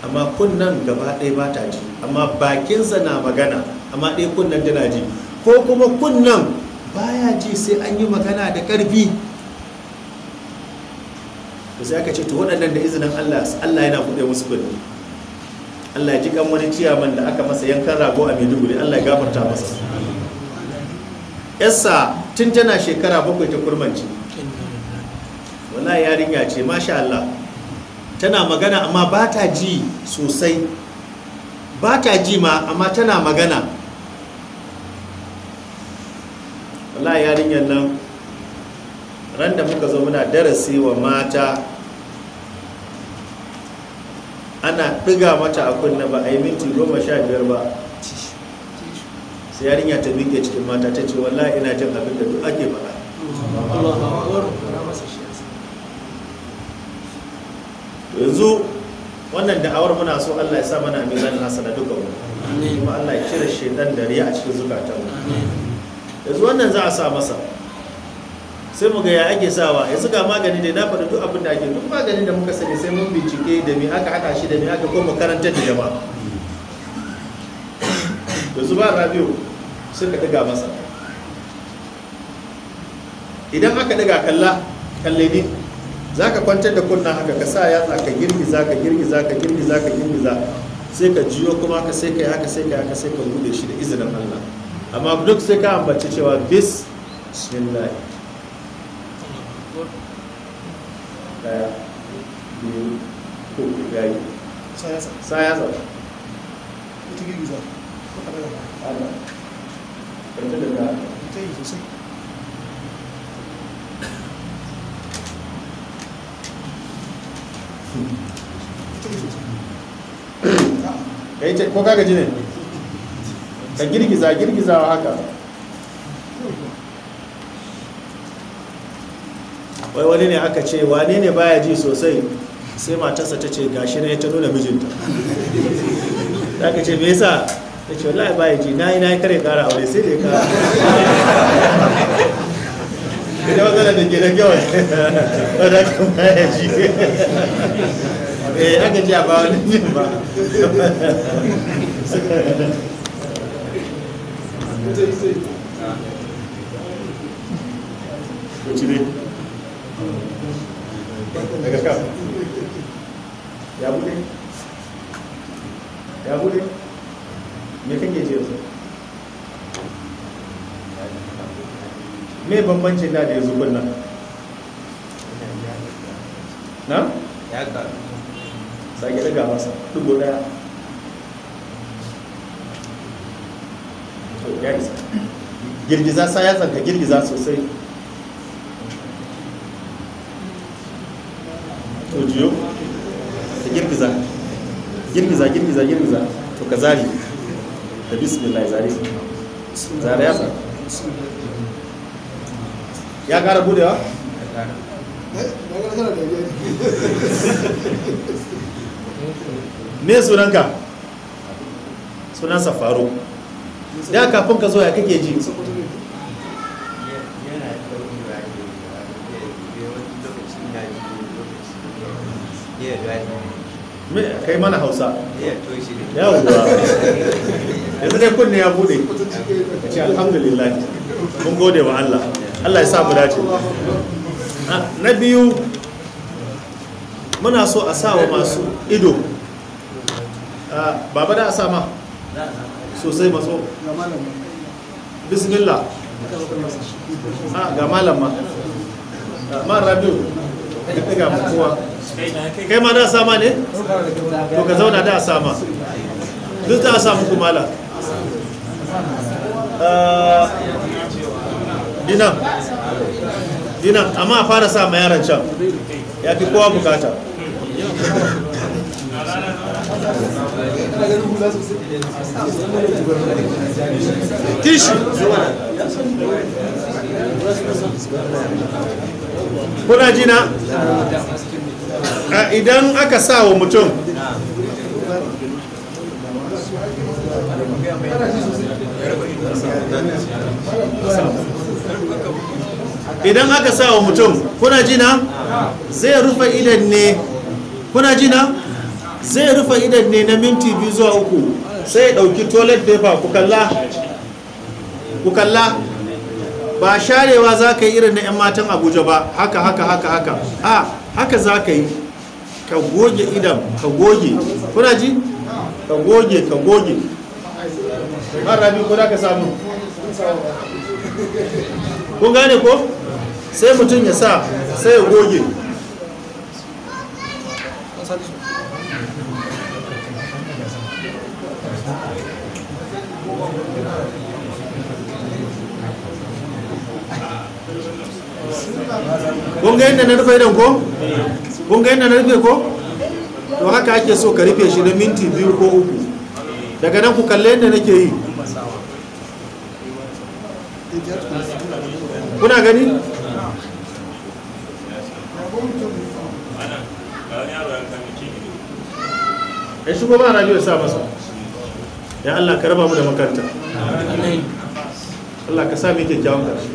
amma kunnan gaba ɗaya ba ta ji amma bakinsa na magana amma ɗaya kunnan tana ji ko kuma kunnan baya ji sai an yi magana da ƙarfi to sai aka ce to waɗannan da izinin allah allah yana buɗe musu kunni Allah ya ji kan wani ciyaman da aka masa yankan rago a Maiduguri Allah ya gafarta masa yassa tun tana shekara bakwai ta kurmanci wala yarinya ce masha Allah tana magana amma ba ta ji sosai ba ta ji ma amma tana magana wala yarinyar nan ran da muka zo muna darasi wa mata ana ɗiga mata a kunna ba a yi minti goma sha biyar ba sai yarinya ta miƙe cikin mata ta ce walla ina jin abin da duk ake faɗa yanzu wannan da'awar muna so Allah ya sa mana mizan hasana duka mu kuma Allah ya cire shaidan dariya a cikin zukatan mu yanzu wannan za a sa masa sai mu ga ya ake sawa yanzu ga magani da na faɗi duk abin da ake duk maganin da muka sani sai mun bincike da me aka haɗa shi da me aka koma karantar da yawa da su ba rabiu suka ɗiga masa idan aka ɗiga kalla kalle ne za ka kwantar da kunna haka ka sa yatsa ka girgiza ka girgiza ka girgiza ka girgiza sai ka jiyo kuma ka sai ka yi haka sai ka yi haka sai ka bude shi da izinin allah amma duk sai ka ambaci cewa bis bismillah daya biyu uku gayi sayasa sayasa ita da ana kai ce ko kaga ka girgiza girgizawa haka wai wani ne aka ce wani ne baya ji sosai sai matarsa ta ce gashi na ta nuna mijinta ta ka ce me yasa ta ce wallahi baya ji na yi na yi kare kara wani sai da ya kara ita magana da gidan yawa wadda ka baya ji eh aka ce a ba wani jin ba you. daga kan ya bude ya bude me kake ce yanzu me bambancin da da yanzu kunnan na? ya karu sake daga masa dubu daya to ya isa girgiza sa ya zanka girgiza sosai to juyo girgiza girgiza girgiza girgiza to ka zari da bismillah zari zari ya zari ya bude wa? ne sunanka sunansa faru da kafin ka zo ya kake ji me kai mana hausa yawwa yanzu dai kunne ya bude ce alhamdulillah mun gode wa Allah Allah ya sa mu dace ah, na biyu muna so a sawa masu ido ah, baba da a sama sosai maso bismillah ah, ga malama ma rabiu ga kowa kai ma da sama ne to ka zauna da sama duk da samu kumala ah, dinan dinan amma a fara sama yaran can ya fi kowa bukata tishu kuna jina idan aka sa wa mutum idan aka sa wa mutum kuna jina zai rufe idan ne kuna jina zai rufe idan ne na minti biyu zuwa uku sai ya ɗauki toilet paper ku kalla ba sharewa za ka yi irin na 'yan matan abuja ba haka haka haka haka a haka za ka yi ka goge idan ka goge kuna ji ka goge ka goge marabi ko da ka samu kun gane ko sai mutum ya sa sai ya goge kun ga yadda na rufe idan ko kun ga yadda na rufe ko to haka ake so ka rufe shi na minti biyu ko uku daga nan ku kalle yadda nake yi kuna gani ya shigo ba rabi ya sa masa ya Allah ka raba mu da makaranta Allah ka sa mu kyakkyawan ƙarshe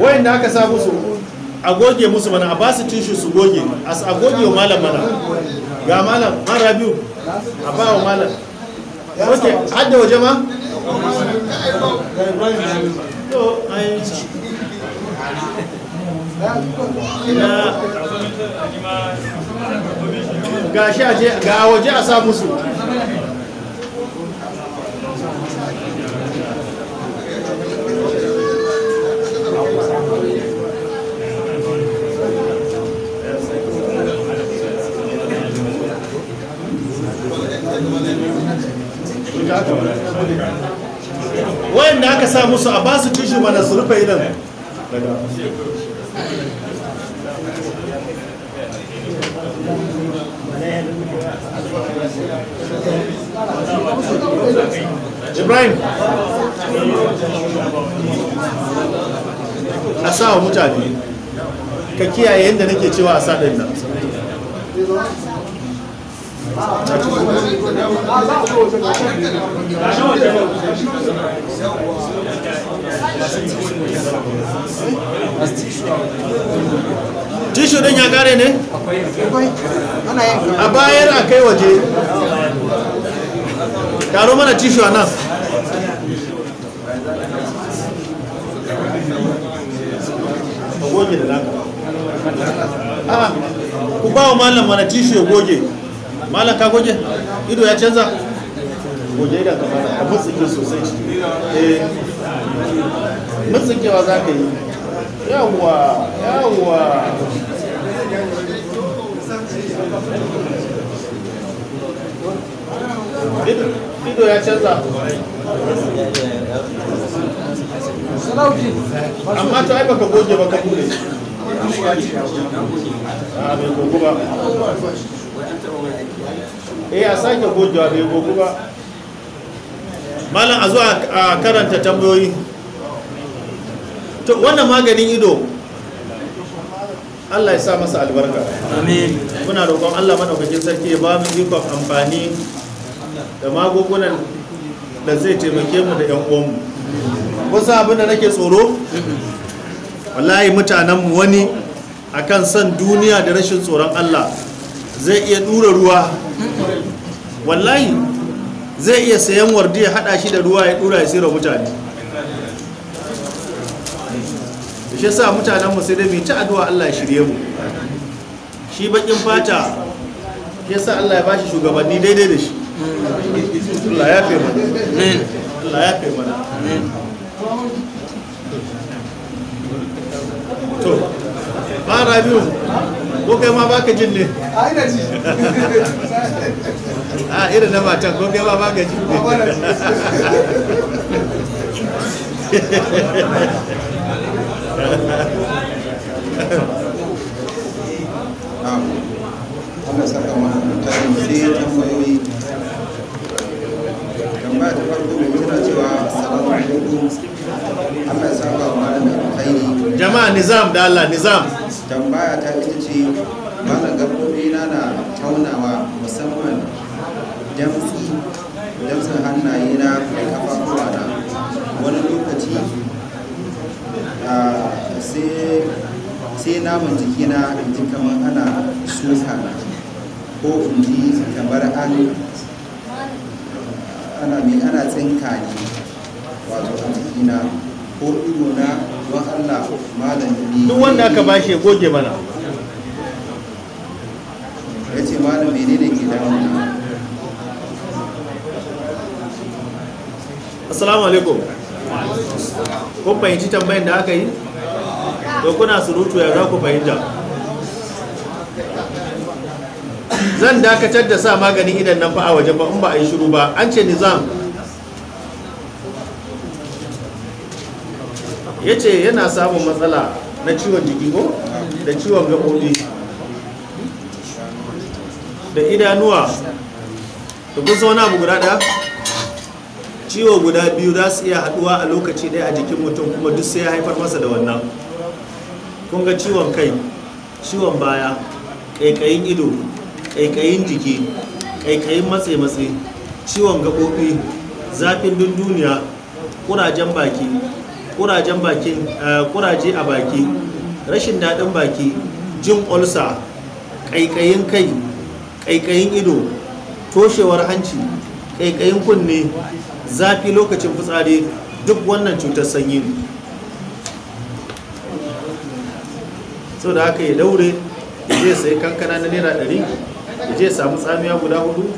wayan da aka samu su a goge musu mana a ba su tishi su goge a goge wa malam mana ga malam mara biyu a ba wa malam ok hada waje ma? ga shi je ga waje a sa musu wayanda aka sa musu a basu tushe mana su rufe idan ibrahim a sa wa mutane ka kiyaye yadda nake cewa a sadar ɗin nan tishu ɗin ya kare ne? a bayar a kai waje taro mana tishu a nan ku ba wa malam mana tishu ya goge malam ka goge ido ya canza goge idan ka fara a mutsikin sosai eh mutsikewa za ka yi yawwa yawwa Thank you. ido ya canza amma ta aibaka a bai ba eh a sake malam a a karanta tambayoyi to wannan maganin ido Allah ya sa masa albarka amin muna roƙon Allah madaukakin sarki ya ba mu ikon amfani da magungunan da zai taimake mu da yan uwanmu Kusa abin da nake tsoro wallahi mutanenmu wani akan san duniya da rashin tsoron allah zai iya dura ruwa wallahi zai iya sayan wardi ya hada shi da ruwa ya dura ya sira mutane shi sa mutanenmu sai dai mai ta addu'a allah ya shirye mu shi bakin fata shi sa allah ya bashi shugabanni daidai da shi Allah ya fi mana Allah ya fi mana to ba rabiu ko kai ma jin ne a ina ji a irin na matan ko kai ma baka jin ne Allah saka tambayoyi tambaya farko tana cewa Allah ya saba wa malam alkhairi jama'a nizam da Allah nizam tambaya ta ita ce malam gabobi na na taunawa musamman damtsi damtsin hannaye na da kafafuwa na wani lokaci sai naman jikina in ji ana suka ko in ji kamar an ana mai ana tsinka ne wato a jikina ko ido na don allah malam ne duk wanda aka bashi ya goge mana ya ce malam menene ke damuna assalamu alaikum kun fahimci tambayin da aka yi to kuna surutu ya za ku fahimta zan dakatar da sa maganin idan nan fa a waje ba in ba a yi shiru ba an ce nizam ya ce yana samun matsala na ciwon jiki ko da ciwon gaɓoɓi da idanuwa da kusa wani abu guda da ciwo guda biyu za su iya haɗuwa a lokaci ɗaya a jikin mutum kuma duk sai ya haifar masa da wannan kun ga ciwon kai ciwon baya ƙaiƙayin ido ƙaiƙayin jiki ƙaiƙayin matse-matse ciwon gaɓoɓi zafin dunduniya ƙurajen baki ƙurajen bakin eh, ƙuraje a baki rashin daɗin baki jin ulsa ƙaiƙayin kai ƙaiƙayin ido toshewar hanci ƙaiƙayin kunne zafi lokacin fitsari duk wannan cutar sanyi sau da haka ya daure zai sai kankana na naira ɗari. je ya samu tsamiya guda hudu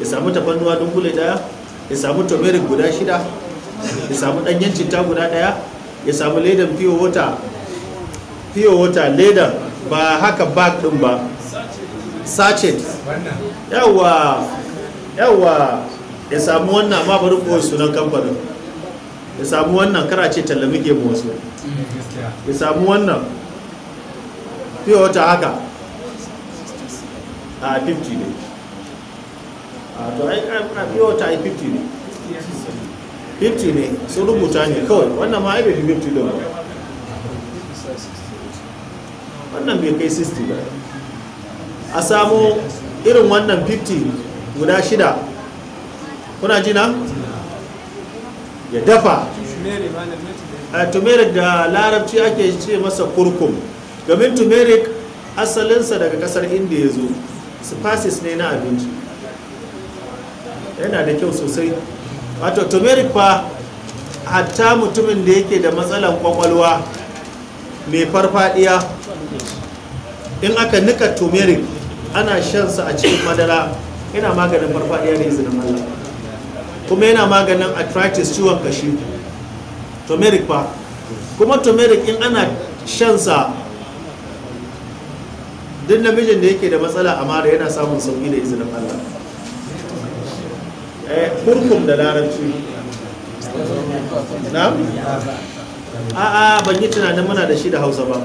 ya samu tafannuwa dunkule daya ya samu turmeric guda shida ya samu danyen citta guda daya ya samu ledan fiye wata Fiye wata ledan ba haka bag din ba sachet yawa yawa ya samu wannan ma bari ko sunan kamfanin ya samu wannan kara ce talla ke mu wasu mm, ya samu wannan Fiye wata haka a 50 ne a to ai kana biyo ta ai 50 ne 50 ne sun rubuta ne kawai wannan ma ai bai fi 50 din wannan bai kai 60 ba a samu irin wannan 50 guda shida kuna jina ya dafa a turmeric da larabci ake ce masa kurkum domin turmeric asalinsa daga kasar india ya zo spices ne na abinci yana da kyau sosai wato turmeric fa hatta mutumin da yake da matsalan kwakwalwa mai farfadiya in aka nika turmeric ana shansa a cikin madara yana maganin farfadiya da izinin Allah kuma yana maganin arthritis ciwon kashi turmeric fa kuma turmeric in ana shansa duk namijin da yake da matsala amara yana samun sauki da izinin Allah eh, kurkum da larabci na a a ban yi tunanin muna da shi da hausa ba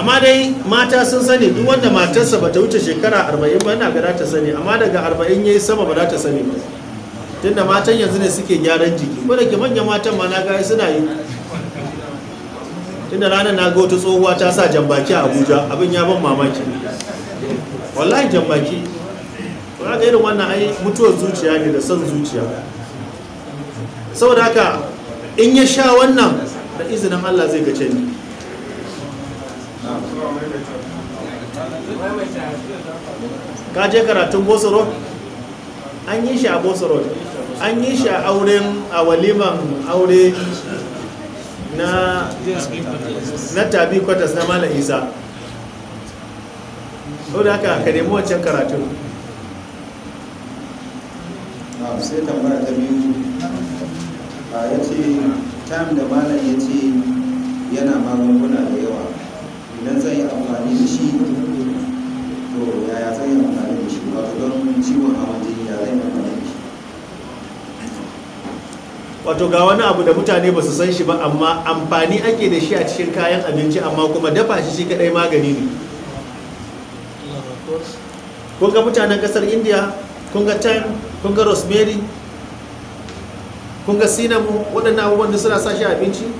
amma dai mata sun sani duk wanda matarsa ba ta wuce shekara 40 ba yana ga ta sani amma daga 40 yi sama ba ta sani ba tunda matan yanzu ne suke gyaran jiki wadda ke manyan matan ma na gaya suna yi tunda ranar na ga wata tsohuwa ta sa jambaki a abuja abin ya ban mamaki wallahi jambaki ba ga irin wannan ai mutuwar zuciya ne da son zuciya saboda haka in ya sha wannan da izinin allah zai gace ni ka je karatun bosoro an yi shi a bosoro an yi shi a auren a waliman aure na na tabi kwatas na mala isa ko da haka ka nemi wancan karatun ah, sai tambara ta biyu ah, ya ce tam da mala ya ce yana magunguna da yawa idan zai amfani da shi to yaya zai amfani da shi wato don ciwon hawan jini ya zai amfani wato ga wani abu da mutane ba su san shi ba amma amfani ake da shi a cikin kayan abinci amma kuma dafa shi shi kadai magani ne kun ga mutanen kasar india kun ga thyme kun ga rosemary kun ga sinamu waɗannan abubuwan da suna sa shi abinci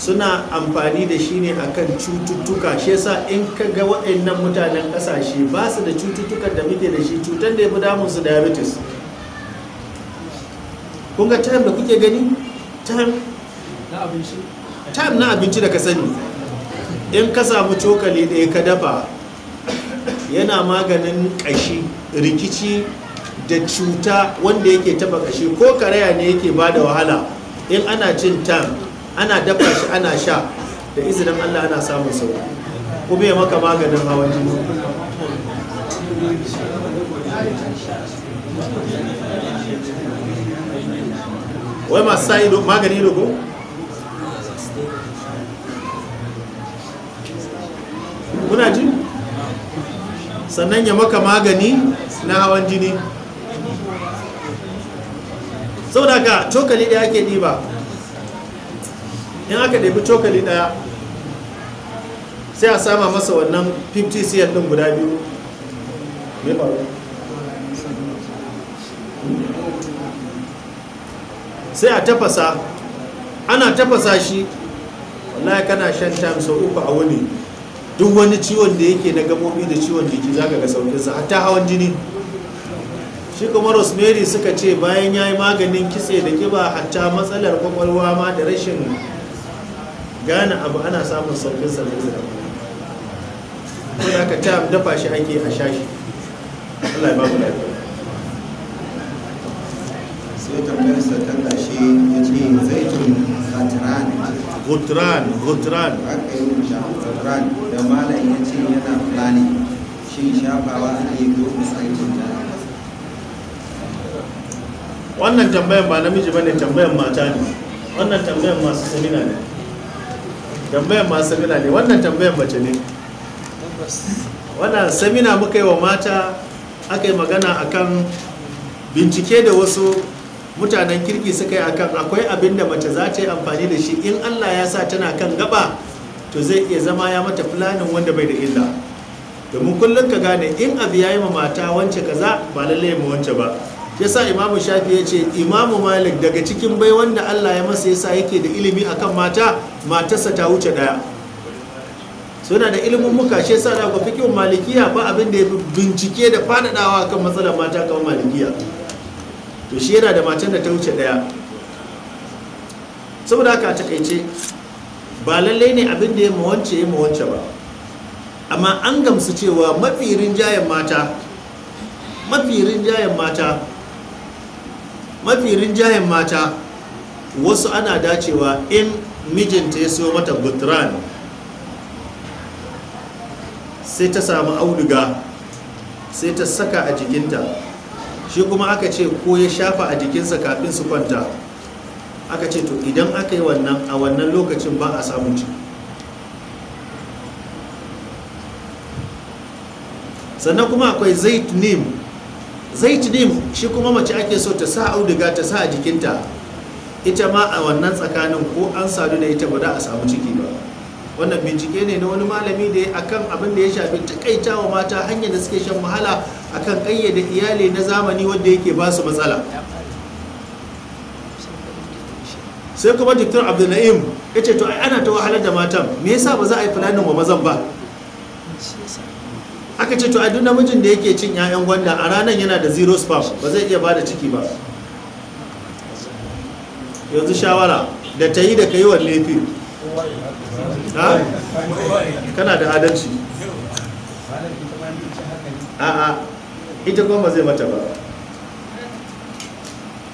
suna amfani da shi ne akan cututtuka shi yasa in ka ga waɗannan mutanen ƙasashe ba su da cututtukan da muke da shi cutar da ya fi damunsu diabetes Kunga time da kuke gani time na abinci time na abinci da ka sani in ka samu cokali ɗaya ka dafa yana maganin ƙashi rikici da cuta wanda yake taba ƙashi ko karaya ne yake ba da wahala in ana cin tam ana dafa shi ana sha da izinin allah ana samun sauki kuma ya maka maganin hawan jini wai masu sa ido magani ido ko kuna ji sannan ya maka magani na hawan jini sau da ka cokali da ake ba? in aka ɗabi cokali daya, sai a sama masa wannan 50 cl ɗin guda biyu mai faru sai a tafasa ana tafasa shi wallahi kana shan time sau uku a wuni duk wani ciwon da yake na gabobi da ciwon jiki zaka ga saukinsa hatta hawan jini shi kuma rosemary suka ce bayan ya yi maganin kitse da kiba hatta matsalar kwakwalwa ma da rashin gane abu ana samun saukin sarrafa ko ya ka ta dafa shi ake a shashi Allah ya ba mu lafiya sai tambayarsa ta tashi ya ce zaitun hatran gutran gutran aka yi wuce gutran da malam ya ce yana fulani shi shafawa a yi ko gudu sai wannan tambayan ba namiji ba ne tambayan mata ne wannan tambayan masu samina ne tambayan masu samina ne wannan tambayan mace ne wannan samina muka yi wa mata aka yi magana akan bincike da wasu mutanen kirki suka yi akan akwai abin da mace za ta yi amfani da shi in Allah ya sa tana kan gaba to zai iya zama ya mata fulanin wanda bai da illa domin kullum ka gane in abu ya yi ma mata wance kaza ba lalle ya wance ba Ya sa imamu shafi ya ce imamu malik daga cikin bai wanda Allah ya masa yasa yake da ilimi akan mata matarsa ta wuce daya suna da ilimin muka shi yasa da ku fikin malikiya ba abin da ya bincike da faɗaɗawa akan matsalar mata kamar malikiya to shi yana da matan da ta wuce daya saboda haka takaice ba lallai ne abin da ya mawance ya mawance ba amma an gamsu cewa mafi rinjayen mata mafi rinjayen mata mafi rinjayen mata wasu ana dacewa in mijinta ya siyo mata gutran sai ta samu auduga sai ta saka a jikinta shi kuma aka ce ko ya shafa a jikinsa kafin su kwanta aka ce to idan aka yi wannan a wannan lokacin ba a samun ciki sannan kuma akwai zait nim shi kuma mace ake so ta sa auduga ta sa a jikinta ita ma a wannan tsakanin ko an sadu da ita ba za a samu ciki ba wannan bincike ne na wani malami da akan abin da ya shafi takaitawa mata hanyar da suke shan mahala. akan kayyade iyali na zamani wanda yake ba su matsala sai kuma diktar abdullaim ya ce to ana ta wahalar da matan me yasa ba za a yi fulanin wa mazan ba aka ce to a duk namijin da yake cin 'ya'yan gwanda a ranar yana da zero spam ba zai iya ba da ciki ba yanzu shawara da ta yi da ka yi wa laifi kana da adalci a'a ita kuma zai mata ba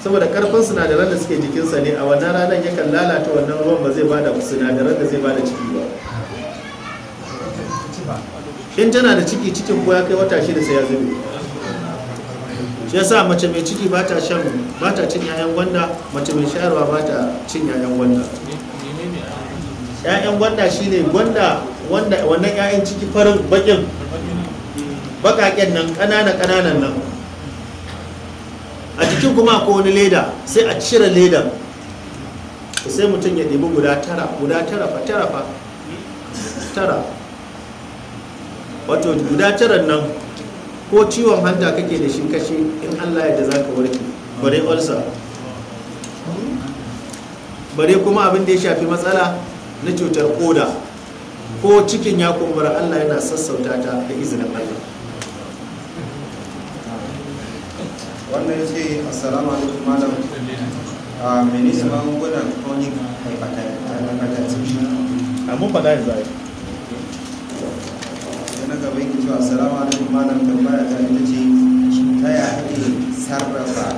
saboda karfin sinadaran da suke jikinsa ne a wannan ranar yakan lalata wannan ruwan ba zai bada sinadaran da zai bada ciki ba in tana da ciki cikin ko ya kai wata shida sai ya zube shi yasa mace mai ciki ba ta shan ba ta cin yayan gwanda mace mai shayarwa ba ta cin yayan gwanda yayan gwanda shine gwanda wanda wannan yayan ciki farin bakin Baƙaƙen nan ƙanana ƙananan nan a cikin kuma ko wani leda sai a cire leda sai mutum ya ɗebi guda tara guda tara fa tara fa tara wato guda taran nan ko ciwon hanta kake da shi kashe in allah yadda za ka warke bare olsa bare kuma abin da ya shafi matsala na cutar koda ko cikin ya kumbura allah yana sassauta ta da izinin allah wannan ya ce assalamu alaikum malam a ah, menisa magungunan tonic hepatitis a ah, mun faɗa yanzu ai sai na gaba yake cewa assalamu alaikum malam tambaya ta ita ce ta ya ake sarrafa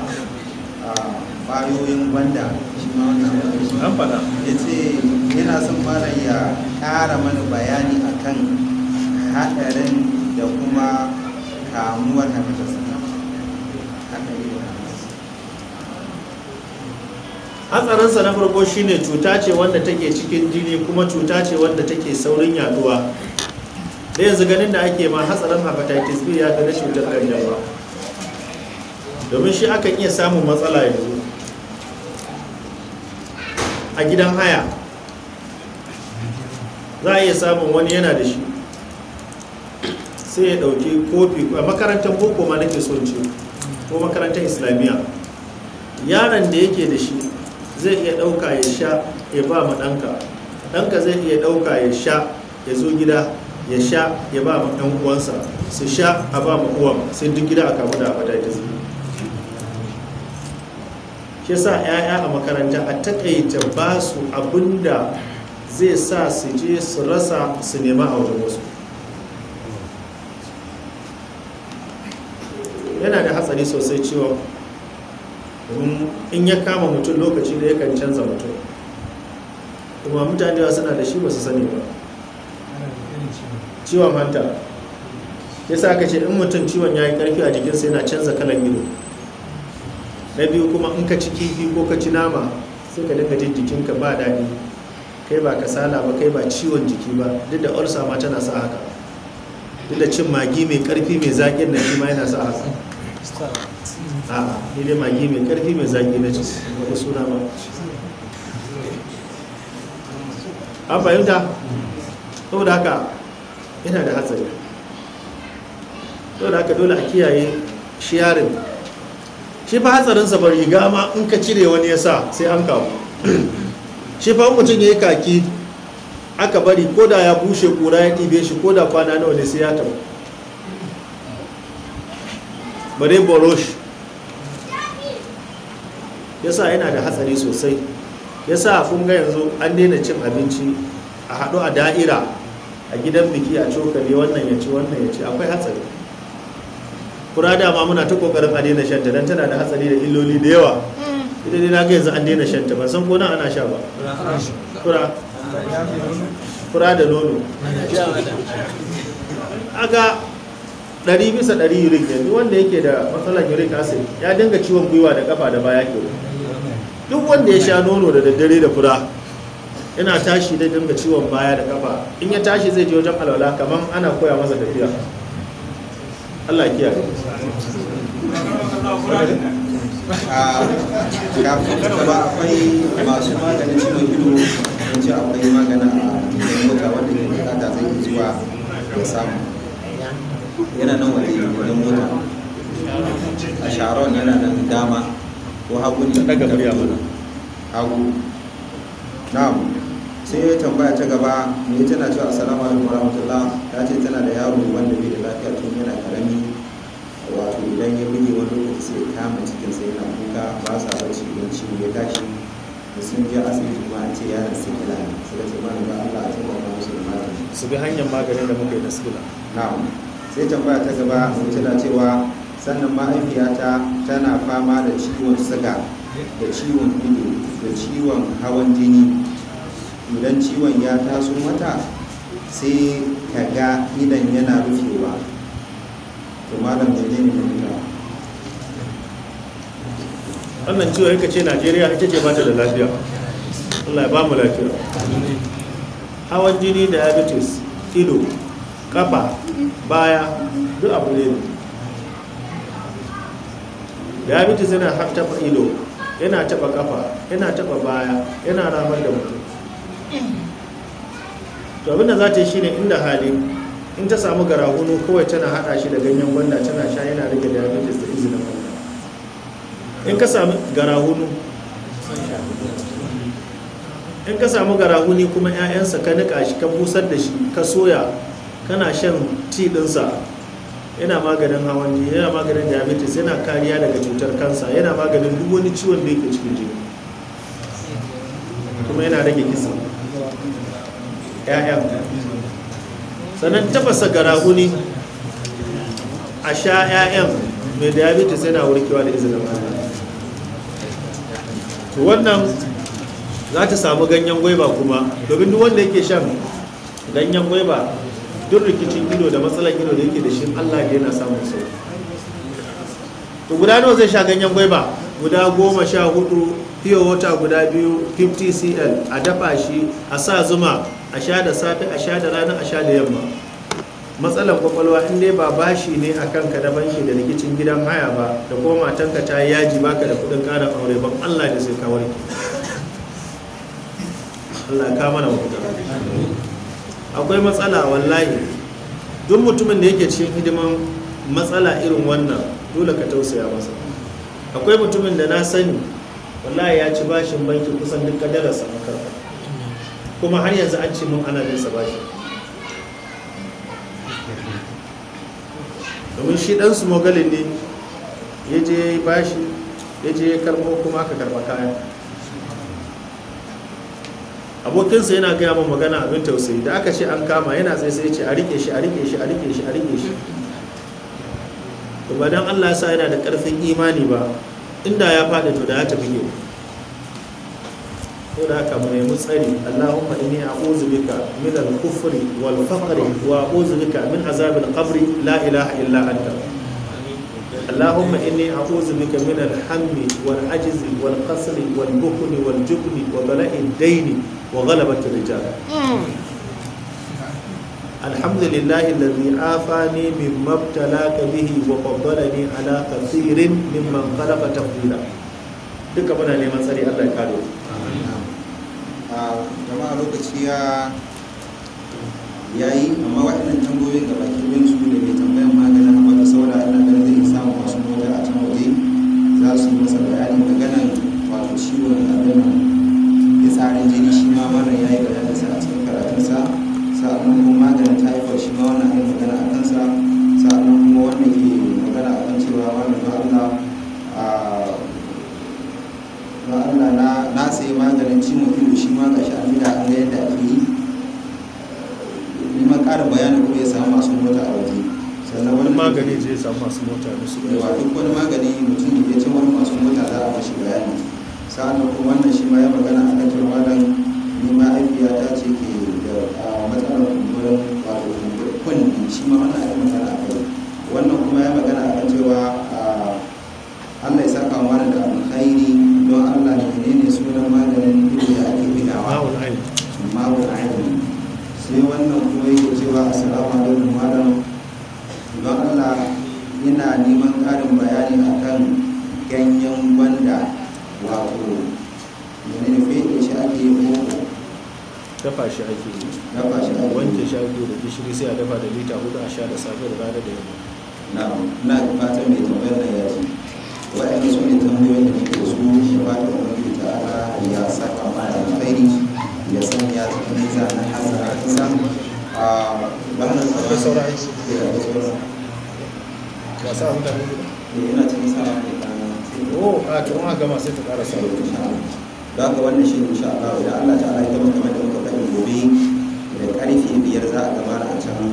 ah, ƙwayoyin gwanda shi ma wannan an ya ce yana son malam ya ƙara mana bayani akan haɗarin da kuma kamuwar hepatitis hatsarinsa na farko shine cuta ce wanda take cikin jini kuma cuta ce wanda take saurin yaduwa da yanzu ganin da ake ma hatsarin hepatitis b ya ga rashin yawa. domin shi akan iya samun matsala yanzu a gidan haya za a iya samun wani yana da shi sai ya ɗauki kofi a makarantar boko ma nake son ce ko makarantar islamiyya yaron da yake da shi zai iya ɗauka ya sha ya ba ma ɗanka ɗanka zai iya ɗauka ya sha ya zo gida ya sha ya ba ma ɗan uwansa su sha a ba ma uwan sai duk gida a kamu da hepatitis shi sa 'ya'ya a makaranta a takaita ba su abinda zai sa su je su rasa su nema a wajen wasu yana da hatsari sosai cewa. in ya kama mutum lokaci da ya kan canza mutum kuma mutane suna da shi ba su sani ba ciwon hanta ya sa aka ce in mutum ciwon ya yi karfi a jikinsa yana canza kalan ido na biyu kuma in ka ci kifi ko ka ci nama sai ka dinga jin jikinka ba daɗi kai ba kasala ba kai ba ciwon jiki ba duk da ulcer ma tana sa haka duk da cin magi mai karfi mai zaƙin nan shi ma yana sa haka a ni dai magi mai karfi mai zaki na ci wani suna ba an fahimta da haka yana da hatsari da haka dole a kiyaye shiyarin shi fa hatsarinsa ba riga ma in ka cire wani ya sa sai an kawo shi fa mutum ya yi kaki aka bari ko da ya bushe kura ya ɗibe shi ko da kwana nawa ne sai ya taɓa. bare borosh yasa yana da hatsari sosai yasa kun yanzu an daina cin abinci a haɗu a da'ira a gidan biki a cokali wannan ya ci wannan ya ci akwai hatsari kura ma muna ta kokarin a daina shanta don tana da hatsari da illoli da yawa mm. ita dai na ga yanzu an daina shanta ban san ko nan ana sha ba kura kura da nono aga ɗari bisa ɗari uric ne duk wanda yake da matsalar uric acid ya dinga ciwon gwiwa da ƙafa da baya ke duk wanda ya sha nono da daddare da fura yana tashi da dinga ciwon baya da ƙafa. in ya tashi zai je wajen alwala kamar ana koya masa tafiya Allah ya. kiyaye ah, kafin ba akwai masu maganin ciwon ido in ce akwai magana a yankuta wanda ke bukata zai zuwa ya samu yana nan waje wajen mota a sharon yana nan dama ko hagu ne daga murya mana hagu na'am sai ya tambaya ta gaba me tana cewa assalamu alaikum warahmatullah ta ce tana da yaro wanda bai da lafiya tun yana karami wato idan ya buge wani lokaci sai kama cikin sai yana kuka ba sa bacci idan ciwo ya tashi da sun je asibiti ma an ce yaron sikila ne suka ce ma ga Allah a taimaka musu da magani su bi hanyar maganin da muka yi na sigila na'am sai tambaya ta gaba tana cewa sannan mahaifiyata tana fama da ciwon suga da ciwon ido da ciwon hawan jini idan ciwon ya taso mata sai ka ga idan yana rufewa to malam da ne wannan ciwo yake ce najeriya ita ce mata da lafiya allah ya ba mu lafiya hawan jini diabetes ido kafa baya duk abu ne diabetes yana taba ilo yana taba kafa yana taba baya yana ramar da mutum to abinda za ta yi shine inda hali in ta samu hunu, kawai tana hada shi da ganyen gwanda tana sha yana rage diabetes da izinin in ka samu garahunu in ka samu garahuni kuma 'ya'yansa ka nika shi ka busar da shi ka soya kana shan ti ɗinsa yana maganin hawan jini yana maganin diabetes yana kariya daga cutar kansa yana maganin duk wani ciwon da yake cikin jini kuma yana rage kisa ƴaƴan sannan tafasa garahuni a sha ƴaƴan mai diabetes yana warkewa da izinin Allah to wannan za ta samu ganyen gwaiba kuma domin duk wanda yake shan ganyen gwaiba duk rikicin ido da matsalar ido da yake da shi Allah da yana samun sauki to guda nawa zai sha ganyen gwaiba guda goma sha hudu pure water guda biyu 50 cl a dafa shi a sa zuma a sha da safe a sha da rana a sha da yamma matsalar kwakwalwa in dai ba bashi ne a kanka da banki da rikicin gidan haya ba da kuma matanka ta yi yaji baka da kudin karin aure ban Allah da sai ka warke Allah ka mana mutunta akwai matsala wallahi duk mutumin da yake cikin hidiman matsala irin wannan dole ka tausaya masa akwai mutumin da na sani wallahi ya ci bashin banki kusan duk kadararsa na karfa kuma har yanzu an ce mun ana jinsa bashi domin shi dan su mogalin ne yaje je bashi ya je kuma aka karba kaya abokinsa yana gaya ma magana abin tausayi da aka ce an kama yana zai sai ce a rike shi a rike shi a rike shi a rike shi ba dan Allah sa yana da karfin imani ba inda ya faɗi to da ya tafi yau ko da haka mu tsari Allahumma inni a'udhu bika min al-kufri wal wa a'udhu min azabin kabri la ilaha illa anta اللهم إني أعوذ بك من الهم والعجز والقصر والبخل والجبن وبلاء الدين وغلبة الرجال الحمد لله الذي آفاني مما ابتلاك به وفضلني على كثير ممن خلق تفضيلا duka muna neman tsari Allah ya kare jama'a lokaci ya yayi amma waɗannan tambayoyin ga baki ɗin su ne mai na ciwon abin fitsarin jini shi ma wannan ya yi bayaninsa a cikin karatunsa sa'annan kuma maganin typhoid shi ma wannan yi magana a kansa sa'annan kuma wannan ke magana a kan cewa wannan ba Allah na na sayi maganin ciwon ido shi ma gashi an gida an ga yadda ake yi neman ƙarin bayani kuma ya samu masu mota a waje sannan wani magani zai samu masu mota da su yawa duk wani magani mutum ya ce wani masu mota za a mashi bayani sa'an kuma wannan shi ma ya magana a kan cewa ni ma ta ce ke da matsalar kumburin wato kumburin kunni shi ma wannan ake magana a wannan shi insha Allah idan Allah ta'ala ya gama kamar da muka faɗi gobe da karfe biyar za a gama a can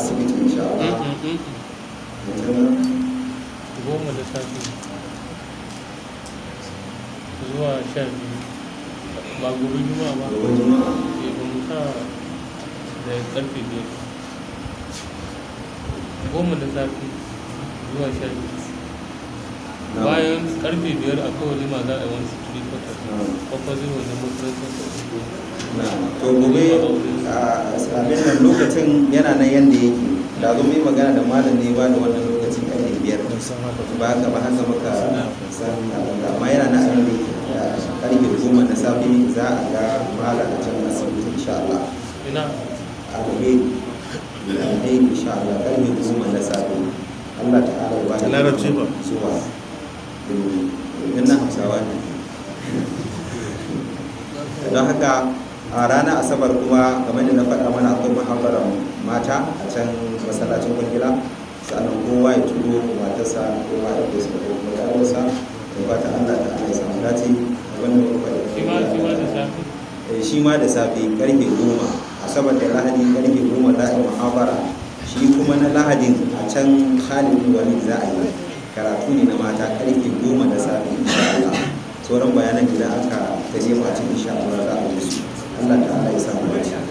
asibiti insha Allah mm, mm, mm, goma da safe zuwa sha biyu ba gobe juma'a ba gobe juma'a ke eh, bamsa da karfe biyar goma da safe zuwa sha biyu bayan karfe biyar a kowane ma za a yi wani to gobe a abin nan lokacin yana nan yadda yake da zo mai magana da malam ne ba da wannan lokacin a biyar ba haka ba haka maka san amma yana nan abin da karfe goma na safe za a ga malam a can asibiti insha Allah a gobe a dai insha Allah karfe goma na safe Allah ta'ala ba da larabci ba zuwa don haka a ranar asabar kuma game da na faɗa mana akwai muhabbaran mata a can masallacin kwangila sannan kowa ya turo matarsa ko ma'aikata da suka kuma ƙarfinsa da fata allah ta ana samu dace abinda kuma da shi ma da safe karfe eh, goma asabar da lahadi karfe goma za a yi muhabbara shi kuma na lahadin a can halin wani za a yi karatu ne na mata karfe goma da safe sauran bayanan gida aka da jefa cikin sha Allah za a yi su Allah ta Allah ya samu dace